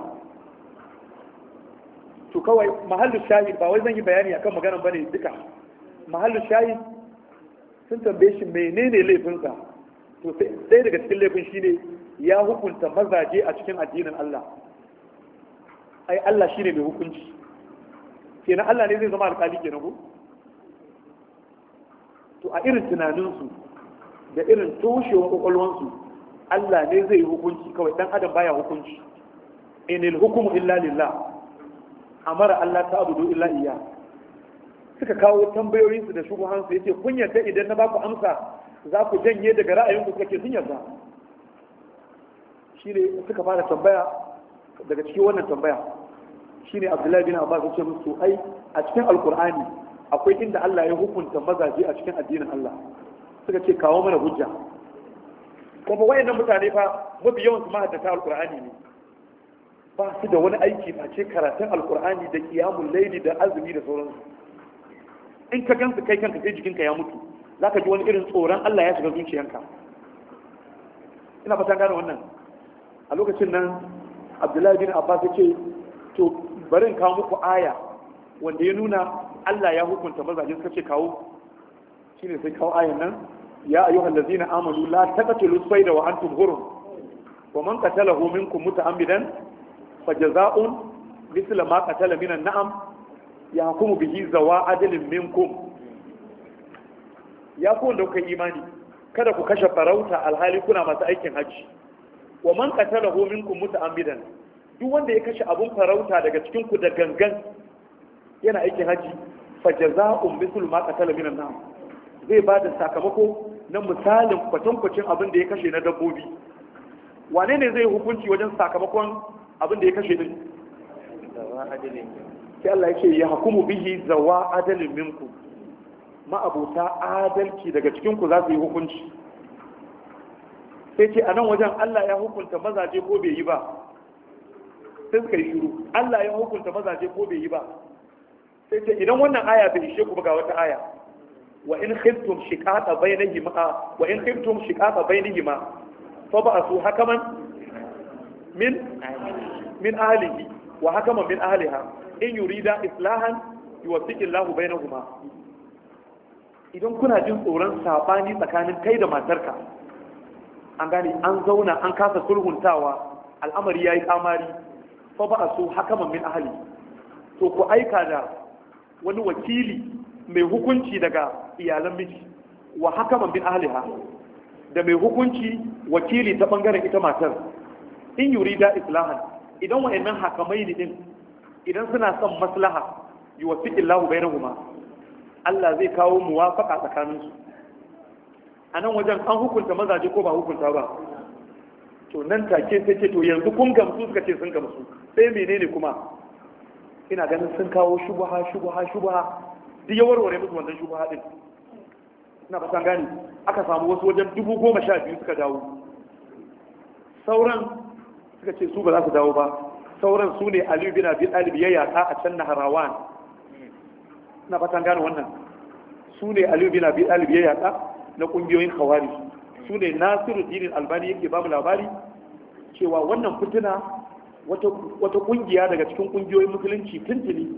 to kawai mahallu shahid ba wai zan yi bayani akan maganar bane duka mahallu shahid sun tambaye shi menene laifinsa to sai daga cikin laifin shine ya hukunta mazaje a cikin addinin Allah ai Allah shine mai hukunci kenan Allah ne zai zama alƙali kenan ko to a irin tunaninsu da irin toshewar kwakwalwansu Allah ne zai yi hukunci kawai dan adam baya hukunci inil hukumu illa lillah amara Allah ta abudu illa iya suka kawo tambayoyinsu da ya yace kun yarda idan na baku amsa za ku janye daga ra'ayinku suka ce sun yarda shi ne suka fara tambaya daga cikin wannan tambaya shi ne abdullahi bin abbas ya ce musu ai a cikin alkur'ani akwai inda allah ya hukunta mazaje a cikin addinin allah suka ce kawo mana hujja kuma wayannan mutane fa mafi yawan su mahaddata alkur'ani ne ba su da wani aiki face karatun alkur'ani da kiyamun laili da azumi da sauransu in ka gansu kai kanka sai jikinka ya mutu za ka ji wani irin tsoron Allah ya shiga zuciyanka ina fata gane wannan a lokacin nan Abdullahi bin Abbas ya ce to bari in muku aya wanda ya nuna Allah ya hukunta mazajin kace kawo shine sai kawo ayan nan ya ayyuhal ladzina amanu la taqtulu sayda wa antum hurum wa man qatalahu minkum muta'ammidan fajaza'un mithla ma qatala minan na'am ya kuma bihi zawa adalin minkum ya ku wanda kuka imani kada ku kashe farauta alhali kuna masu aikin hajji wa man qatalahu minkum muta'ammidan duk wanda ya kashe abun farauta daga cikin ku da gangan yana aikin hajji fa jazaa'un mithlu ma qatala minan nam zai ba da sakamako na misalin kwatankwacin abin da ya kashe na dabbobi wane ne zai hukunci wajen sakamakon abin da ya kashe din sai Allah ya ce ya hukumu bihi zawa adalin minku adalci daga cikin ku za su yi hukunci sai ce a nan wajen Allah ya hukunta mazaje ko bai yi ba sai suka yi shiru Allah ya hukunta mazaje ko bai yi ba sai ce idan wannan aya bai ishe ku ga wata aya wa in khiftum shiqaqa bainahima wa in khiftum shiqaqa bainahima fa ba'su hakaman min min ahlihi wa hakaman min ahliha in yurida islahan yuwaffiqu Allahu bainahuma idan kuna jin tsoron sabani tsakanin kai da matarka an gane an zauna an kasa sulhuntawa al'amari yayi kamari fa ba so hakaman min ahli to ku aika da wani wakili mai hukunci daga iyalan miji wa hakaman min ahliha da mai hukunci wakili ta bangaren ita matar in yurida islahan idan wa'annan hakamai ne din idan suna son maslaha yi wa fiƙin lahu bai rahuma Allah zai kawo muwafaƙa tsakaninsu a nan wajen an hukunta mazaje ko ba hukunta ba to nan take sai ce to yanzu kun gamsu suka ce sun gamsu sai menene kuma ina ganin sun kawo shubaha shubaha shubaha duk ya warware musu wannan shubaha din ina ba gani aka samu wasu wajen dubu goma sha biyu suka dawo sauran suka ce su ba za su dawo ba sauran su ne aliyu bin abi talib ya yaƙa a can naharawan na fatan gane wannan su ne aliyu bin abi talib ya yaƙa na ƙungiyoyin khawari su ne nasiru dinin albani yake babu labari cewa wannan fitina wata ƙungiya daga cikin ƙungiyoyin musulunci tuntuni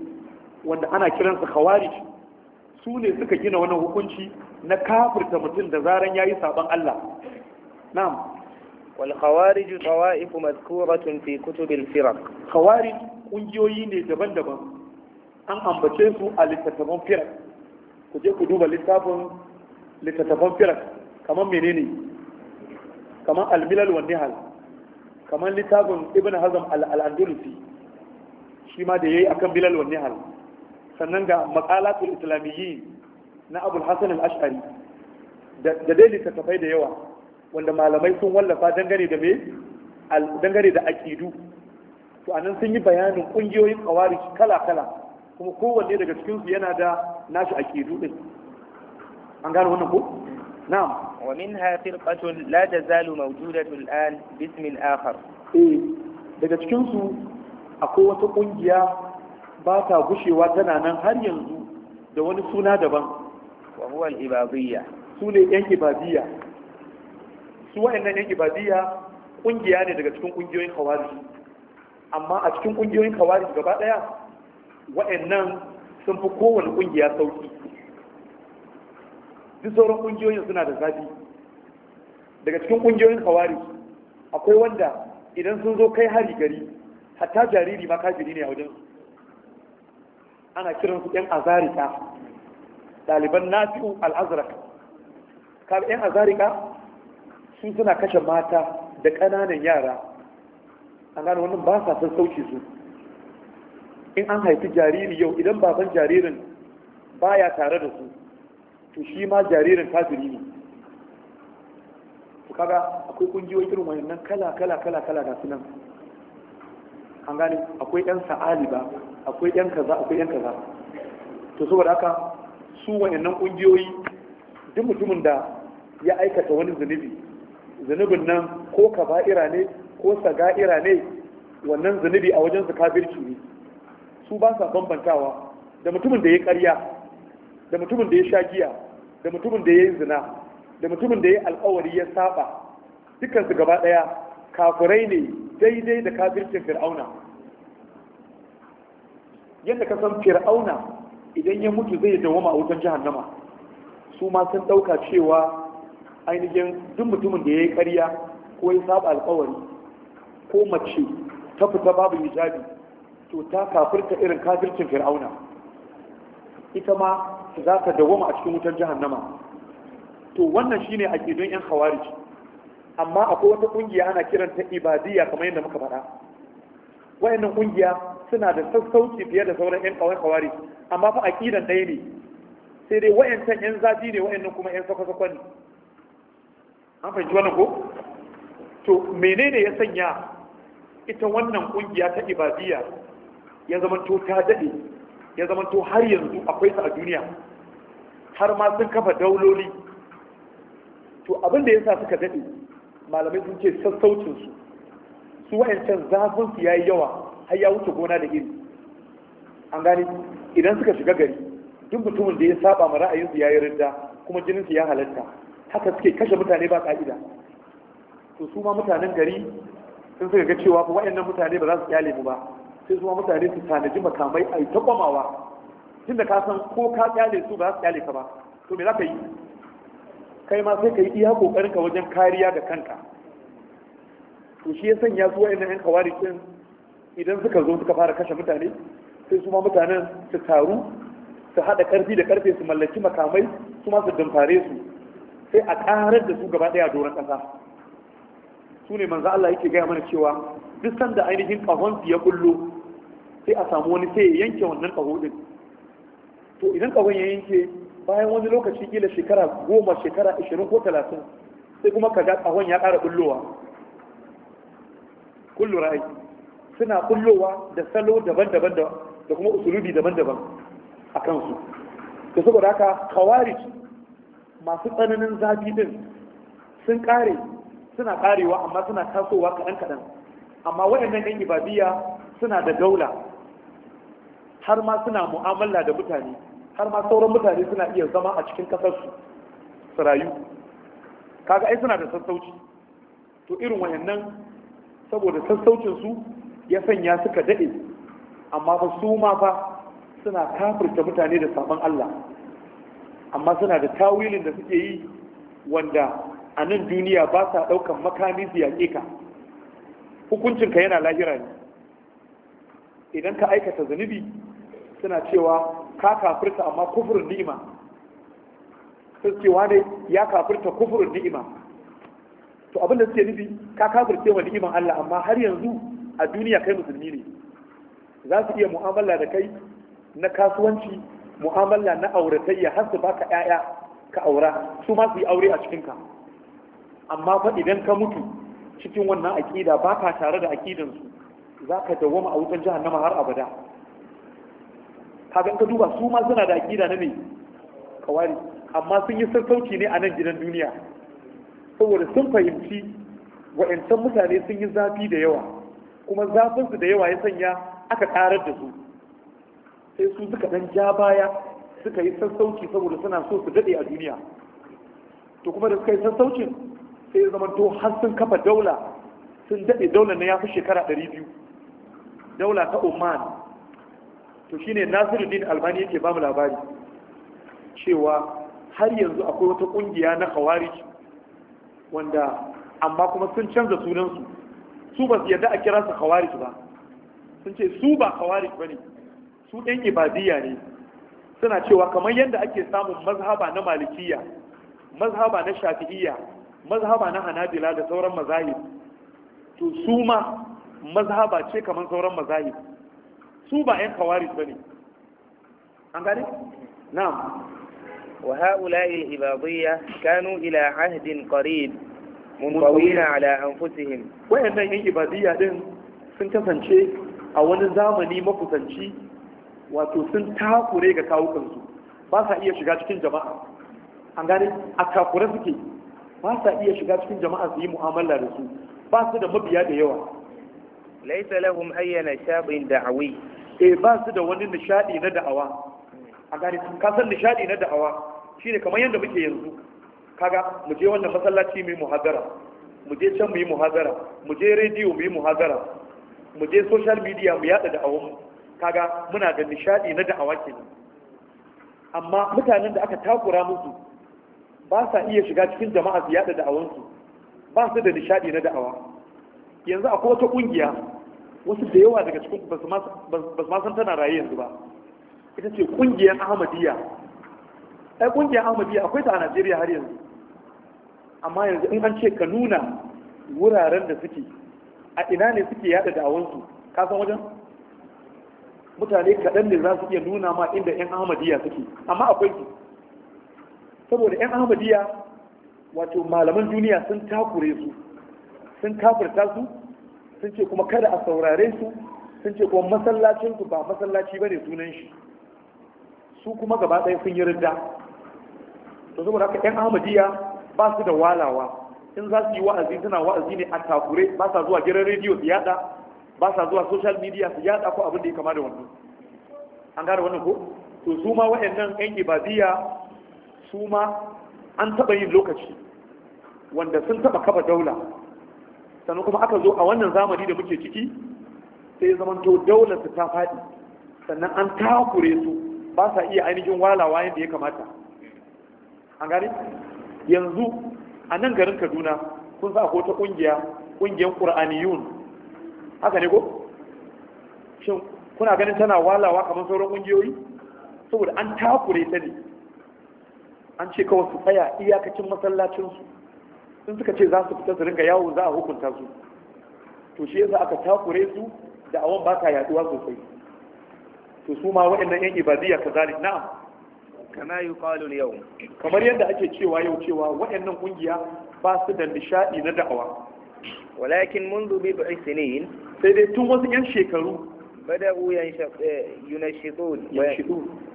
wanda ana kiransa khawari su ne suka gina wannan hukunci na kafirta mutum da zaran ya yi sabon allah na'am والخوارج طوائف مذكورة في كتب الفرق خوارج kungiyoyi ne daban-daban an ambace su a littattafan firak ku je ku duba littafin littattafan firak kamar menene kamar almilal wa nihal kamar littafin ibn hazm al-andalusi shi ma da yayi akan bilal sannan ga islamiyyi na abul hasan al-ash'ari da dai littattafai da yawa wanda malamai sun wallafa dangane da me dangane da aqidu to anan sun yi bayanin kungiyoyin kawari kala kala kuma kowanne daga cikin su yana da nashi aqidu din an gano wannan ko na'am wa minha firqatun la tazalu mawjudatun al'an bismin akhar eh daga cikin su akwai wata kungiya ba ta gushewa tana nan har yanzu da wani suna daban wa huwa al-ibadiyya su ne yan ibadiyya su wayannan yan ibadiyya kungiya ne daga cikin kungiyoyin kawari amma a cikin kungiyoyin kawari gaba daya wayannan sun fi kowane kungiya sauki duk sauran kungiyoyin suna da zafi daga cikin ƙungiyoyin kawari akwai wanda idan sun zo kai hari gari hatta jariri ma kafiri ne a wajen ana kiransu yan azarika ɗaliban nafi'u yan azarika su suna kashe mata da ƙananan yara A gane wannan ba sa son sauke su in an haifi jariri yau idan baban jaririn baya tare da su to shi ma jaririn kafiri ne to kaga akwai kungiyoyi irin wannan kala kala kala kala ga sunan an gane akwai yan ba, akwai yan kaza akwai yan kaza to saboda haka su nan kungiyoyi duk mutumin da ya aikata wani zunubi zunubin nan ko ba'ira ne ko saga'ira ne wannan zunubi a wajen su kafirci ne su ba sa bambantawa da mutumin da ya karya da mutumin da ya sha giya da mutumin da ya yi zina da mutumin da ya alkawari ya saba dukkan su gaba daya kafirai ne daidai da kafircin fir'auna yadda ka san fir'auna idan ya mutu zai dawama a wutan jahannama su ma sun dauka cewa ainihin duk mutumin da ya yi ƙarya ko ya saba alkawari ko mace ta fita babu hijabi to ta kafirta irin kafircin fir'auna ita ma za ta dawoma a cikin wutar jahannama to wannan shine don yan khawarij amma akwai wata ƙungiya ana kiranta ibadiyya kamar yadda muka faɗa wayannan kungiya suna da sassauci fiye da sauran yan kawai khawarij amma fa aqidan ɗaya ne sai dai wayancan yan zafi ne wayannan kuma yan sakwasakwa ne an fahimci wannan ko to menene ya sanya ita wannan kungiya ta ibadiyya ya zama to ta dade ya zama to har yanzu akwai ta a duniya har ma sun kafa dauloli to abin da yasa suka dade malamai sun ce sassaucin su su wa'ancan zafin su yayi yawa har ya wuce gona da iri an gane idan suka shiga gari duk mutumin da ya saba ma ra'ayin su yayi ridda kuma jinin su ya halatta haka suke kashe mutane ba ka'ida to su ma mutanen gari sun suka ga cewa fa wayannan mutane ba za su kyale mu ba sai su ma mutane su tanaji makamai a ta kwamawa tunda ka san ko ka kyale su ba za su kyale ka ba to me za ka yi kai ma sai ka yi iya kokarin ka wajen kariya da kanka to shi ya sanya su wayannan yan kawari din idan suka zo suka fara kashe mutane sai su ma mutanen su taru su haɗa ƙarfi da ƙarfe su mallaki makamai su ma su dumfare su sai a karar da su gaba daya doron kasa su ne manzo Allah yake gaya mana cewa duk sanda ainihin kahon ya kullo sai a samu wani sai ya yanke wannan kaho din to idan kahon ya yanke bayan wani lokaci kila shekara goma shekara ashirin ko talatin sai kuma kaga kahon ya kara kullowa kullu ra'ayi suna kullowa da salo daban-daban da kuma usulubi daban-daban a kansu da saboda haka kawarij masu tsananin zafi din sun kare suna karewa amma suna tasowa kaɗan kaɗan amma waɗannan ɗan ibadiyya suna da daula har ma suna mu'amala da mutane har ma sauran mutane suna iya zama a cikin ƙasarsu su rayu kaga ai suna da sassauci to irin wayannan saboda sassaucin su ya sanya suka daɗe amma ba su ma fa suna kafirta mutane da sabon Allah amma suna da tawilin da suke yi wanda a nan duniya ba sa ɗaukan makami su yaƙe ka hukuncinka yana lahira ne idan ka aikata zunubi suna cewa ka kafirta amma kufurin ni'ima sun cewa ne ya kafirta kufurin ni'ima to abinda suke nufi ka kafirce wa ni'iman Allah amma har yanzu a duniya kai musulmi ne za su iya mu'amala da kai na kasuwanci mu'amala na auratayya har su baka 'ya'ya ka aura su ma su yi aure a cikinka amma fa idan ka mutu cikin wannan aƙida baka tare da aƙidansu za ka dawwama a wutan jahannama har abada kaga in ka duba su ma suna da aƙida na ne kawari amma sun yi sassauci ne a nan gidan duniya saboda sun fahimci wa'ancan mutane sun yi zafi da yawa kuma zafinsu da yawa ya sanya aka ƙarar da su sai su suka dan ja baya suka yi sassauci saboda suna so su daɗe a duniya to kuma da suka yi sassauci sai ya zama to har sun kafa daula sun daɗe daula na ya fi shekara 200 daula ta Oman to shine Nasiruddin Albani yake ba mu labari cewa har yanzu akwai wata ƙungiya na Khawarij wanda amma kuma sun canza sunansu su ba su yadda a kira su Khawarij ba sun ce su ba Khawarij bane su ɗan ibadiyya ne suna cewa kamar yadda ake samun mazhaba na malikiya mazhaba na shafi'iyya mazhaba na hanabila da sauran mazahib to su ma mazhaba ce kamar sauran mazahib su ba 'yan kawari ba ne an gane? na'am وهؤلاء الإباضية كانوا إلى عهد قريب منطوين على Wayannan 'yan ibadiyya din sun kasance a wani zamani makusanci wato sun takure ga kawukansu ba sa iya shiga cikin jama'a an gane a takure suke ba sa iya shiga cikin jama'a su yi mu'amala da su ba su da mabiya da yawa laisa lahum ayyana shabin da'awi eh ba su da wani nishadi na da'awa a gane ka san nishadi na da'awa shine kamar yadda muke yanzu kaga mu je wannan masallaci mu yi muhadara mu je can mu yi muhadara mu je rediyo mu yi muhadara mu je social media mu yada da'awa. kaga muna da nishadi na da'awa kenan amma mutanen da aka takura musu ba sa iya shiga cikin jama'a su yada da'awansu ba su da nishadi na da'awa yanzu akwai wata kungiya wasu da yawa daga cikin ba su ma san tana raye yanzu ba ita ce kungiyar ahmadiyya ai kungiyar ahmadiyya akwai ta a najeriya har yanzu amma yanzu in an ce ka nuna wuraren da suke a ina ne suke yada da'awansu ka san wajen mutane kaɗan ne za su iya nuna ma inda 'yan ahmadiyya suke amma akwai su saboda 'yan ahmadiyya wato malaman duniya sun takure su sun kafirta su sun ce kuma kada a saurare su sun ce kuma masallacinsu ba masallaci ba ne sunan shi su kuma gaba ɗaya sun yi ridda to saboda haka 'yan ahmadiyya ba su da walawa in za su yi wa'azi suna wa'azi ne a takure ba sa zuwa gidan rediyo su yada ba sa zuwa social media su yada ko abin da ya kama da wannan an gara wannan ko to su ma waɗannan yan ibadiyya su ma an taɓa yin lokaci wanda sun taɓa kafa daula sannan kuma aka zo a wannan zamani da muke ciki sai to daular su ta faɗi sannan an takure su ba sa iya ainihin walawa yadda ya kamata an gane yanzu a nan garin kaduna kun sa ko ta ƙungiya ƙungiyar ƙur'aniyun haka ne ko shin kuna ganin tana walawa kamar sauran ƙungiyoyi saboda an takure ta ne an ce kawai su tsaya iyakacin masallacinsu Sun suka ce za su fita su ringa yawo za a hukunta su to shi yasa aka takure su da awon ba ta yaduwa sosai to su ma waɗannan yan ibadiyya kazalik na'am kama yuqalu yau kamar yadda ake cewa yau cewa waɗannan kungiya ba su da nishadi na da'awa walakin منذ بضع سنين sai dai tun wasu 'yan shekaru بدأوا ينشطون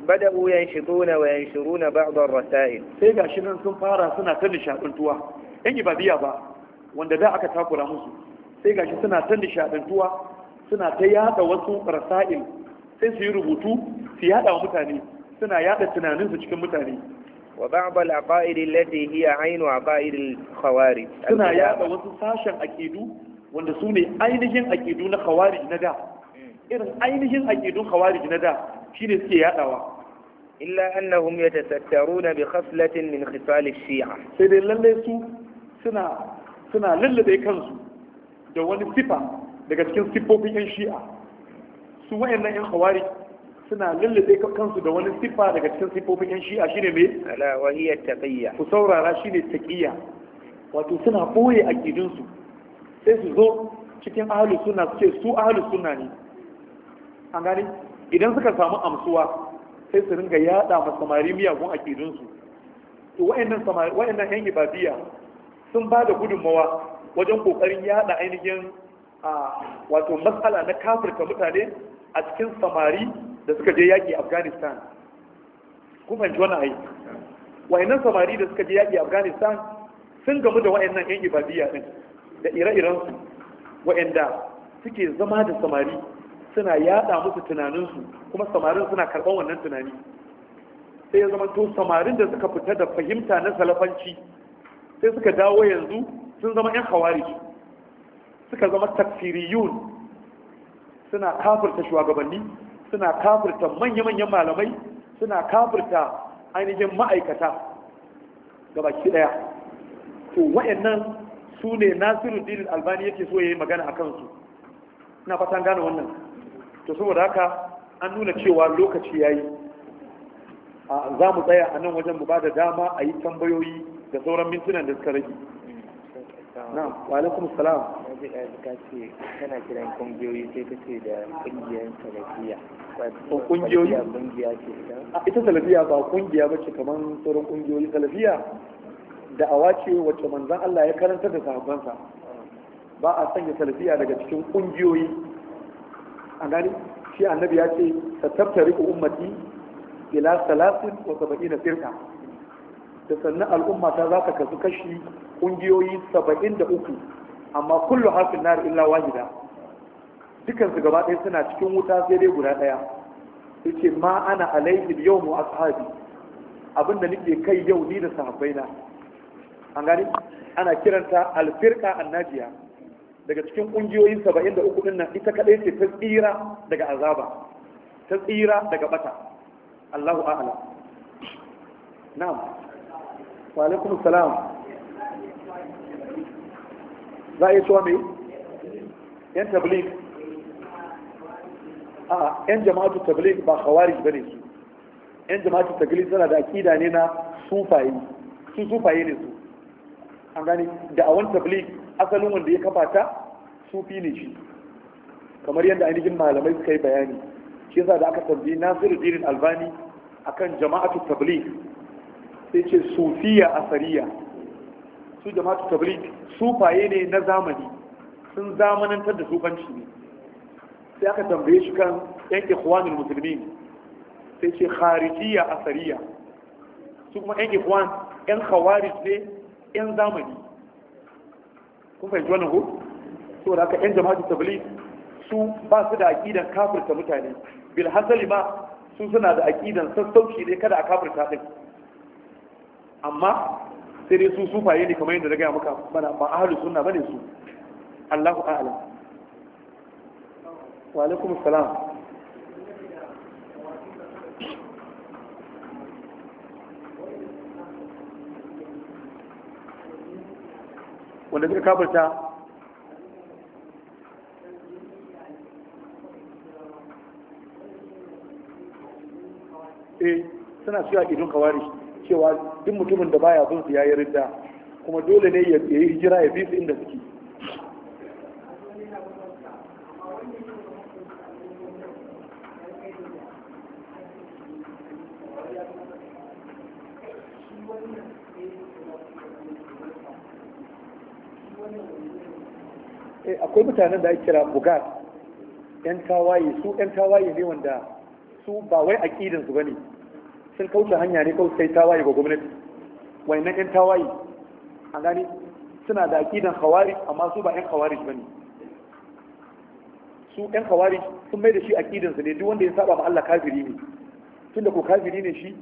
بدأوا ينشطون وينشرون بعض الرسائل sai gashi nan sun fara suna ta nishadantuwa yan ibadiya ba wanda da aka takura musu sai ga shi suna ta nishadantuwa suna ta yada wasu rasail sai su yi rubutu su yada wa mutane suna yada tunaninsu cikin mutane wa ba'dal aqaid allati hiya ainu aqaid al-khawarij suna yada wasu sashen aqidu wanda su ne ainihin aqidu na khawarij na da irin ainihin aqidun khawarij na da shine suke yadawa illa annahum yatasattaruna bi khaslatin min khisal shia sai dai lalle su suna kansu da wani sifa daga cikin Sifofin yan shi'a su wayannan yan khawarij suna lullube kansu da wani siffa daga cikin siffofin yan shi'a shine ne mai alawahiyar taqiyya ku saurara shine taƙiyya. wato suna ɓoye a gidinsu. sai su zo cikin ahlus suna su ce su ahlus suna ne an gani idan suka samu amsuwa sai su ringa yada ma samari miyagun a su to wayannan yan ibadiyya sun ba da gudunmawa wajen ƙoƙarin yada ainihin wato matsala na kafirta mutane a cikin samari da suka je yaƙi afghanistan kun fahimci wannan ai wayannan samari da suka je yaƙi afghanistan sun gamu da wayannan yan ibadiyya din da ire-irensu wayanda suke zama da samari suna yada musu tunaninsu kuma samarin suna karɓar wannan tunani sai ya zama to samarin da suka fita da fahimta na salafanci sai suka dawo yanzu sun zama 'yan hawari suka zama takfiriyun suna kafirta shugabanni suna kafirta manya-manyan malamai suna kafirta ainihin ma'aikata ga baki daya to wayannan su ne nasiruddin albani yake so yayi magana a kansu ina fatan gane wannan to saboda haka an nuna cewa lokaci yayi yi za mu tsaya a nan wajen mu ba da dama a yi tambayoyi da sauran mintunan da suka rage na wa alaikum salam waje ɗazu ka ce kana kiran kungiyoyi sai ka ce da kungiyar salafiya ko kungiyoyi kungiya ce ita salafiya ba kungiya ba ce kamar sauran kungiyoyi salafiya da'awa ce wacce manzon Allah ya karanta da sahabbansa ba a sanya salafiya daga cikin kungiyoyi a gani shi annabi ya ce ta tattari ummati ila salasin wa saba'ina firqa da sannan al'umma ta za ta kasu kashi kungiyoyi saba'in da uku amma kullu hafin nar illa wahida dukan su gaba ɗaya suna cikin wuta sai dai guda ɗaya yace ma ana alaihi mu ashabi abinda nake kai yau ni da na an gani ana kiranta alfirqa annajiya daga cikin kungiyoyin 73 din nan ita kadai ce ta tsira daga azaba ta tsira daga bata Allahu a'ala. na'am wa alaikum salam za a yi cewa mai yan tablik a yan jama'atu tablik ba khawarij ba ne su yan jama'atu tablik zana da akida ne na sufaye su sufaye ne su an gani da awon tablik asalin wanda ya kafa ta sufi ne shi kamar yadda ainihin malamai suka yi bayani shi yasa da aka tambayi nasiru dinin albani akan jama'atu tablik sai ce sufiya asariya su jama'atu tabligh faye ne na zamani sun zamanantar da sufanci ne sai aka tambaye shi kan yan ikhwanul muslimin sai ce kharijiyya asariya su kuma yan ikhwan yan khawarij ne yan zamani kun fahimci wannan ko da haka yan jama'atu tabligh su ba su da aqidan kafirta mutane bil hasali ba su suna da aqidan sassauci ne kada a kafirta din amma sai dai su sufaye ne kamar yadda na gaya maka bana ba ahlus sunna bane su Allahu a'lam wa alaikum assalam wanda suka kafarta? eh suna suya idon kawari cewa duk mutumin da baya bin su yayi ridda kuma dole ne ya yi hijira ya bi su inda suke eh, akwai mutanen da ake kira bugat 'yan tawaye su 'yan tawaye ne wanda su ba wai aƙidinsu su bane sun kauce hanya ne kawai sai tawaye ga gwamnati wayannan yan tawaye a gani suna da aƙidan khawarij amma su ba yan khawarij bane su yan khawarij sun mai da shi aqidan su ne duk wanda ya saba ma Allah kafiri ne tunda ko kafiri ne shi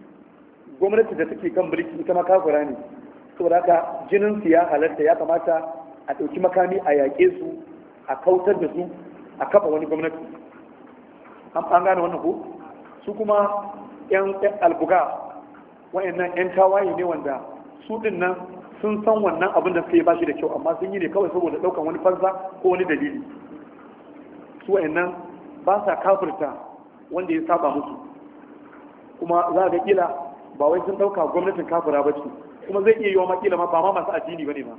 gwamnati da take kan mulki ita ma kafira ne saboda haka jinin su ya halarta ya kamata a ɗauki makami a yaƙe su a kautar da su a kafa wani gwamnati an gane wannan ko su kuma yan albuga wa'annan yan tawaye ne wanda su din nan sun san wannan abin da suka yi bashi da kyau amma sun yi ne kawai saboda daukan wani fansa ko wani dalili su wa'annan ba sa kafirta wanda ya saba musu kuma za ga kila ba wai sun dauka gwamnatin kafira ba ce kuma zai iya yi wa makila ma ba ma masu addini ba ne ba.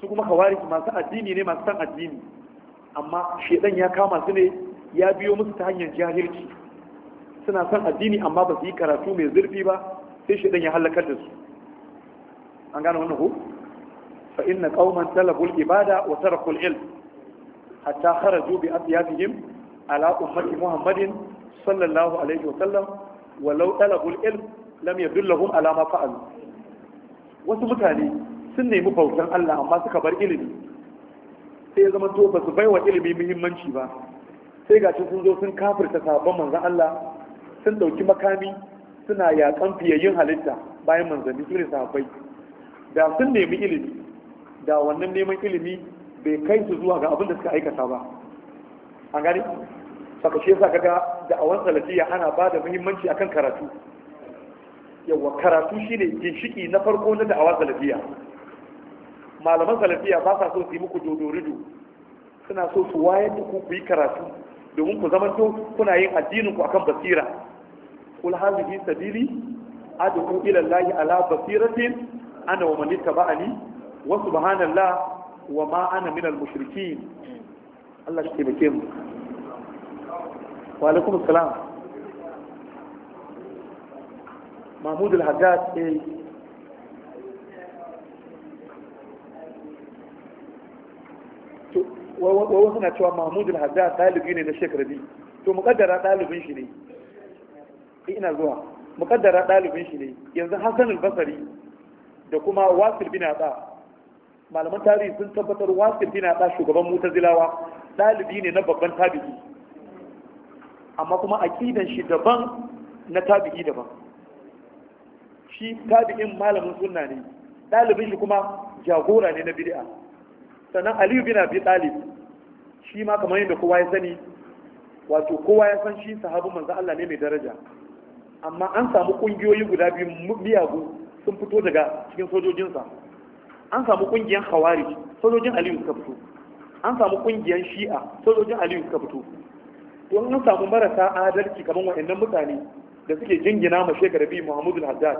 su kuma kawariki masu addini ne masu san addini amma shedan ya kama su ne ya biyo musu ta hanyar jahilci suna son addini amma ba su yi karatu mai zurfi ba sai dan ya halakar da su an gane wannan ko fa inna qauman talabul ibada wa tarakul ilm hatta kharaju bi atyabihim ala ummati muhammadin sallallahu alaihi wa sallam law talabul ilm lam yadullahum ala ma fa'alu wasu mutane sun nemi bautan Allah amma suka bar ilimi sai ya zama to ba su baiwa ilimi muhimmanci ba sai ga sun zo sun kafirta sabon manzon Allah sun dauki makami suna yakan fiyayyun halitta bayan manzanni su ne sahabbai da sun nemi ilimi da wannan neman ilimi bai kai su zuwa ga abin da suka aikata ba an gani saka shi yasa kaga da'awan salafiya ana ba da muhimmanci akan karatu yawa karatu shine ginshiki na farko na da'awar salafiya malaman salafiya ba sa so su yi muku dodorido suna so su wayar da ku yi karatu domin ku zamanto kuna yin addinin ku akan basira kul hadhihi sabili ad'u ila allahi ala basiratin ana wa man ittaba'ani wa subhanallah wa ma ana minal mushrikin Allah shi taimake mu wa alaikum eh wasu na cewa mahmud al-haddad ɗalibi ne na shek biyu, to muƙaddara ɗalibin shi ne ina zuwa mukaddara ɗalibin shi ne yanzu hassan albasari da kuma wasir bin ada malaman tarihi sun tabbatar wasir bin ada shugaban mutazilawa ɗalibi ne na babban tabi'i amma kuma aqidan shi daban na tabi'i daban shi tabi'in malamin sunna ne ɗalibin shi kuma jagora ne na bid'a sannan aliyu bin abi talib shi ma kamar yadda kowa ya sani wato kowa ya san shi sahabin manzo Allah ne mai daraja amma an samu ƙungiyoyi guda biyu miyagu sun fito daga cikin sojojinsa an samu ƙungiyar hawari sojojin aliyu suka fito an samu ƙungiyar shi'a sojojin aliyu suka fito Don an samu marasa adalci kamar wa'annan mutane da suke jingina ma shekara biyu muhammadu haddad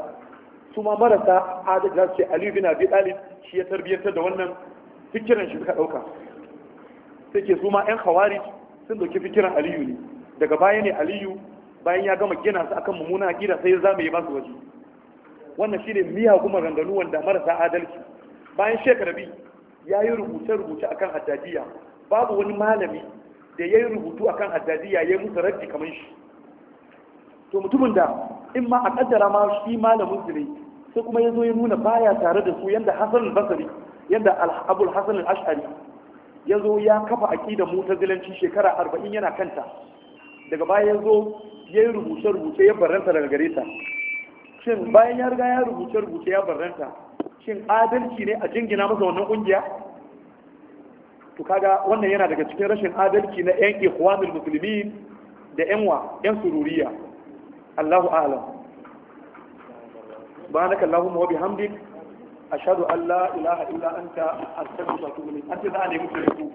su ma marasa adalci za su ce aliyu bin abi talib shi ya tarbiyyantar da wannan fikiran shi suka ɗauka sai ke su ma 'yan hawari sun ɗauki fikiran aliyu ne daga baya ne aliyu bayan ya gama gina su akan mummuna akida sai ya zama ya ba su waje wannan shine miya kuma ranganu wanda marasa adalci bayan shekarabi ya yi rubuce-rubuce akan haddadiya babu wani malami da ya yi rubutu akan haddadiya ya yi musu raddi kamar shi to mutumin da in ma a kaddara ma shi malamin su ne sai kuma ya zo ya nuna baya tare da su yadda hasan basari yadda abul hasan al-ash'ari ya zo ya kafa aqidar mutazilanci shekara arba'in yana kanta daga baya ya zo ya yi rubuce-rubuce ya barranta daga gare ta shin bayan ya riga ya rubuce-rubuce ya barranta shin adalci ne a jingina masa wannan kungiya to kaga wannan yana daga cikin rashin adalci na yan ikhwanul muslimin da yan wa yan sururiya Allahu a'lam subhanaka allahumma wa bihamdik ashhadu an la ilaha illa anta astaghfiruka wa atubu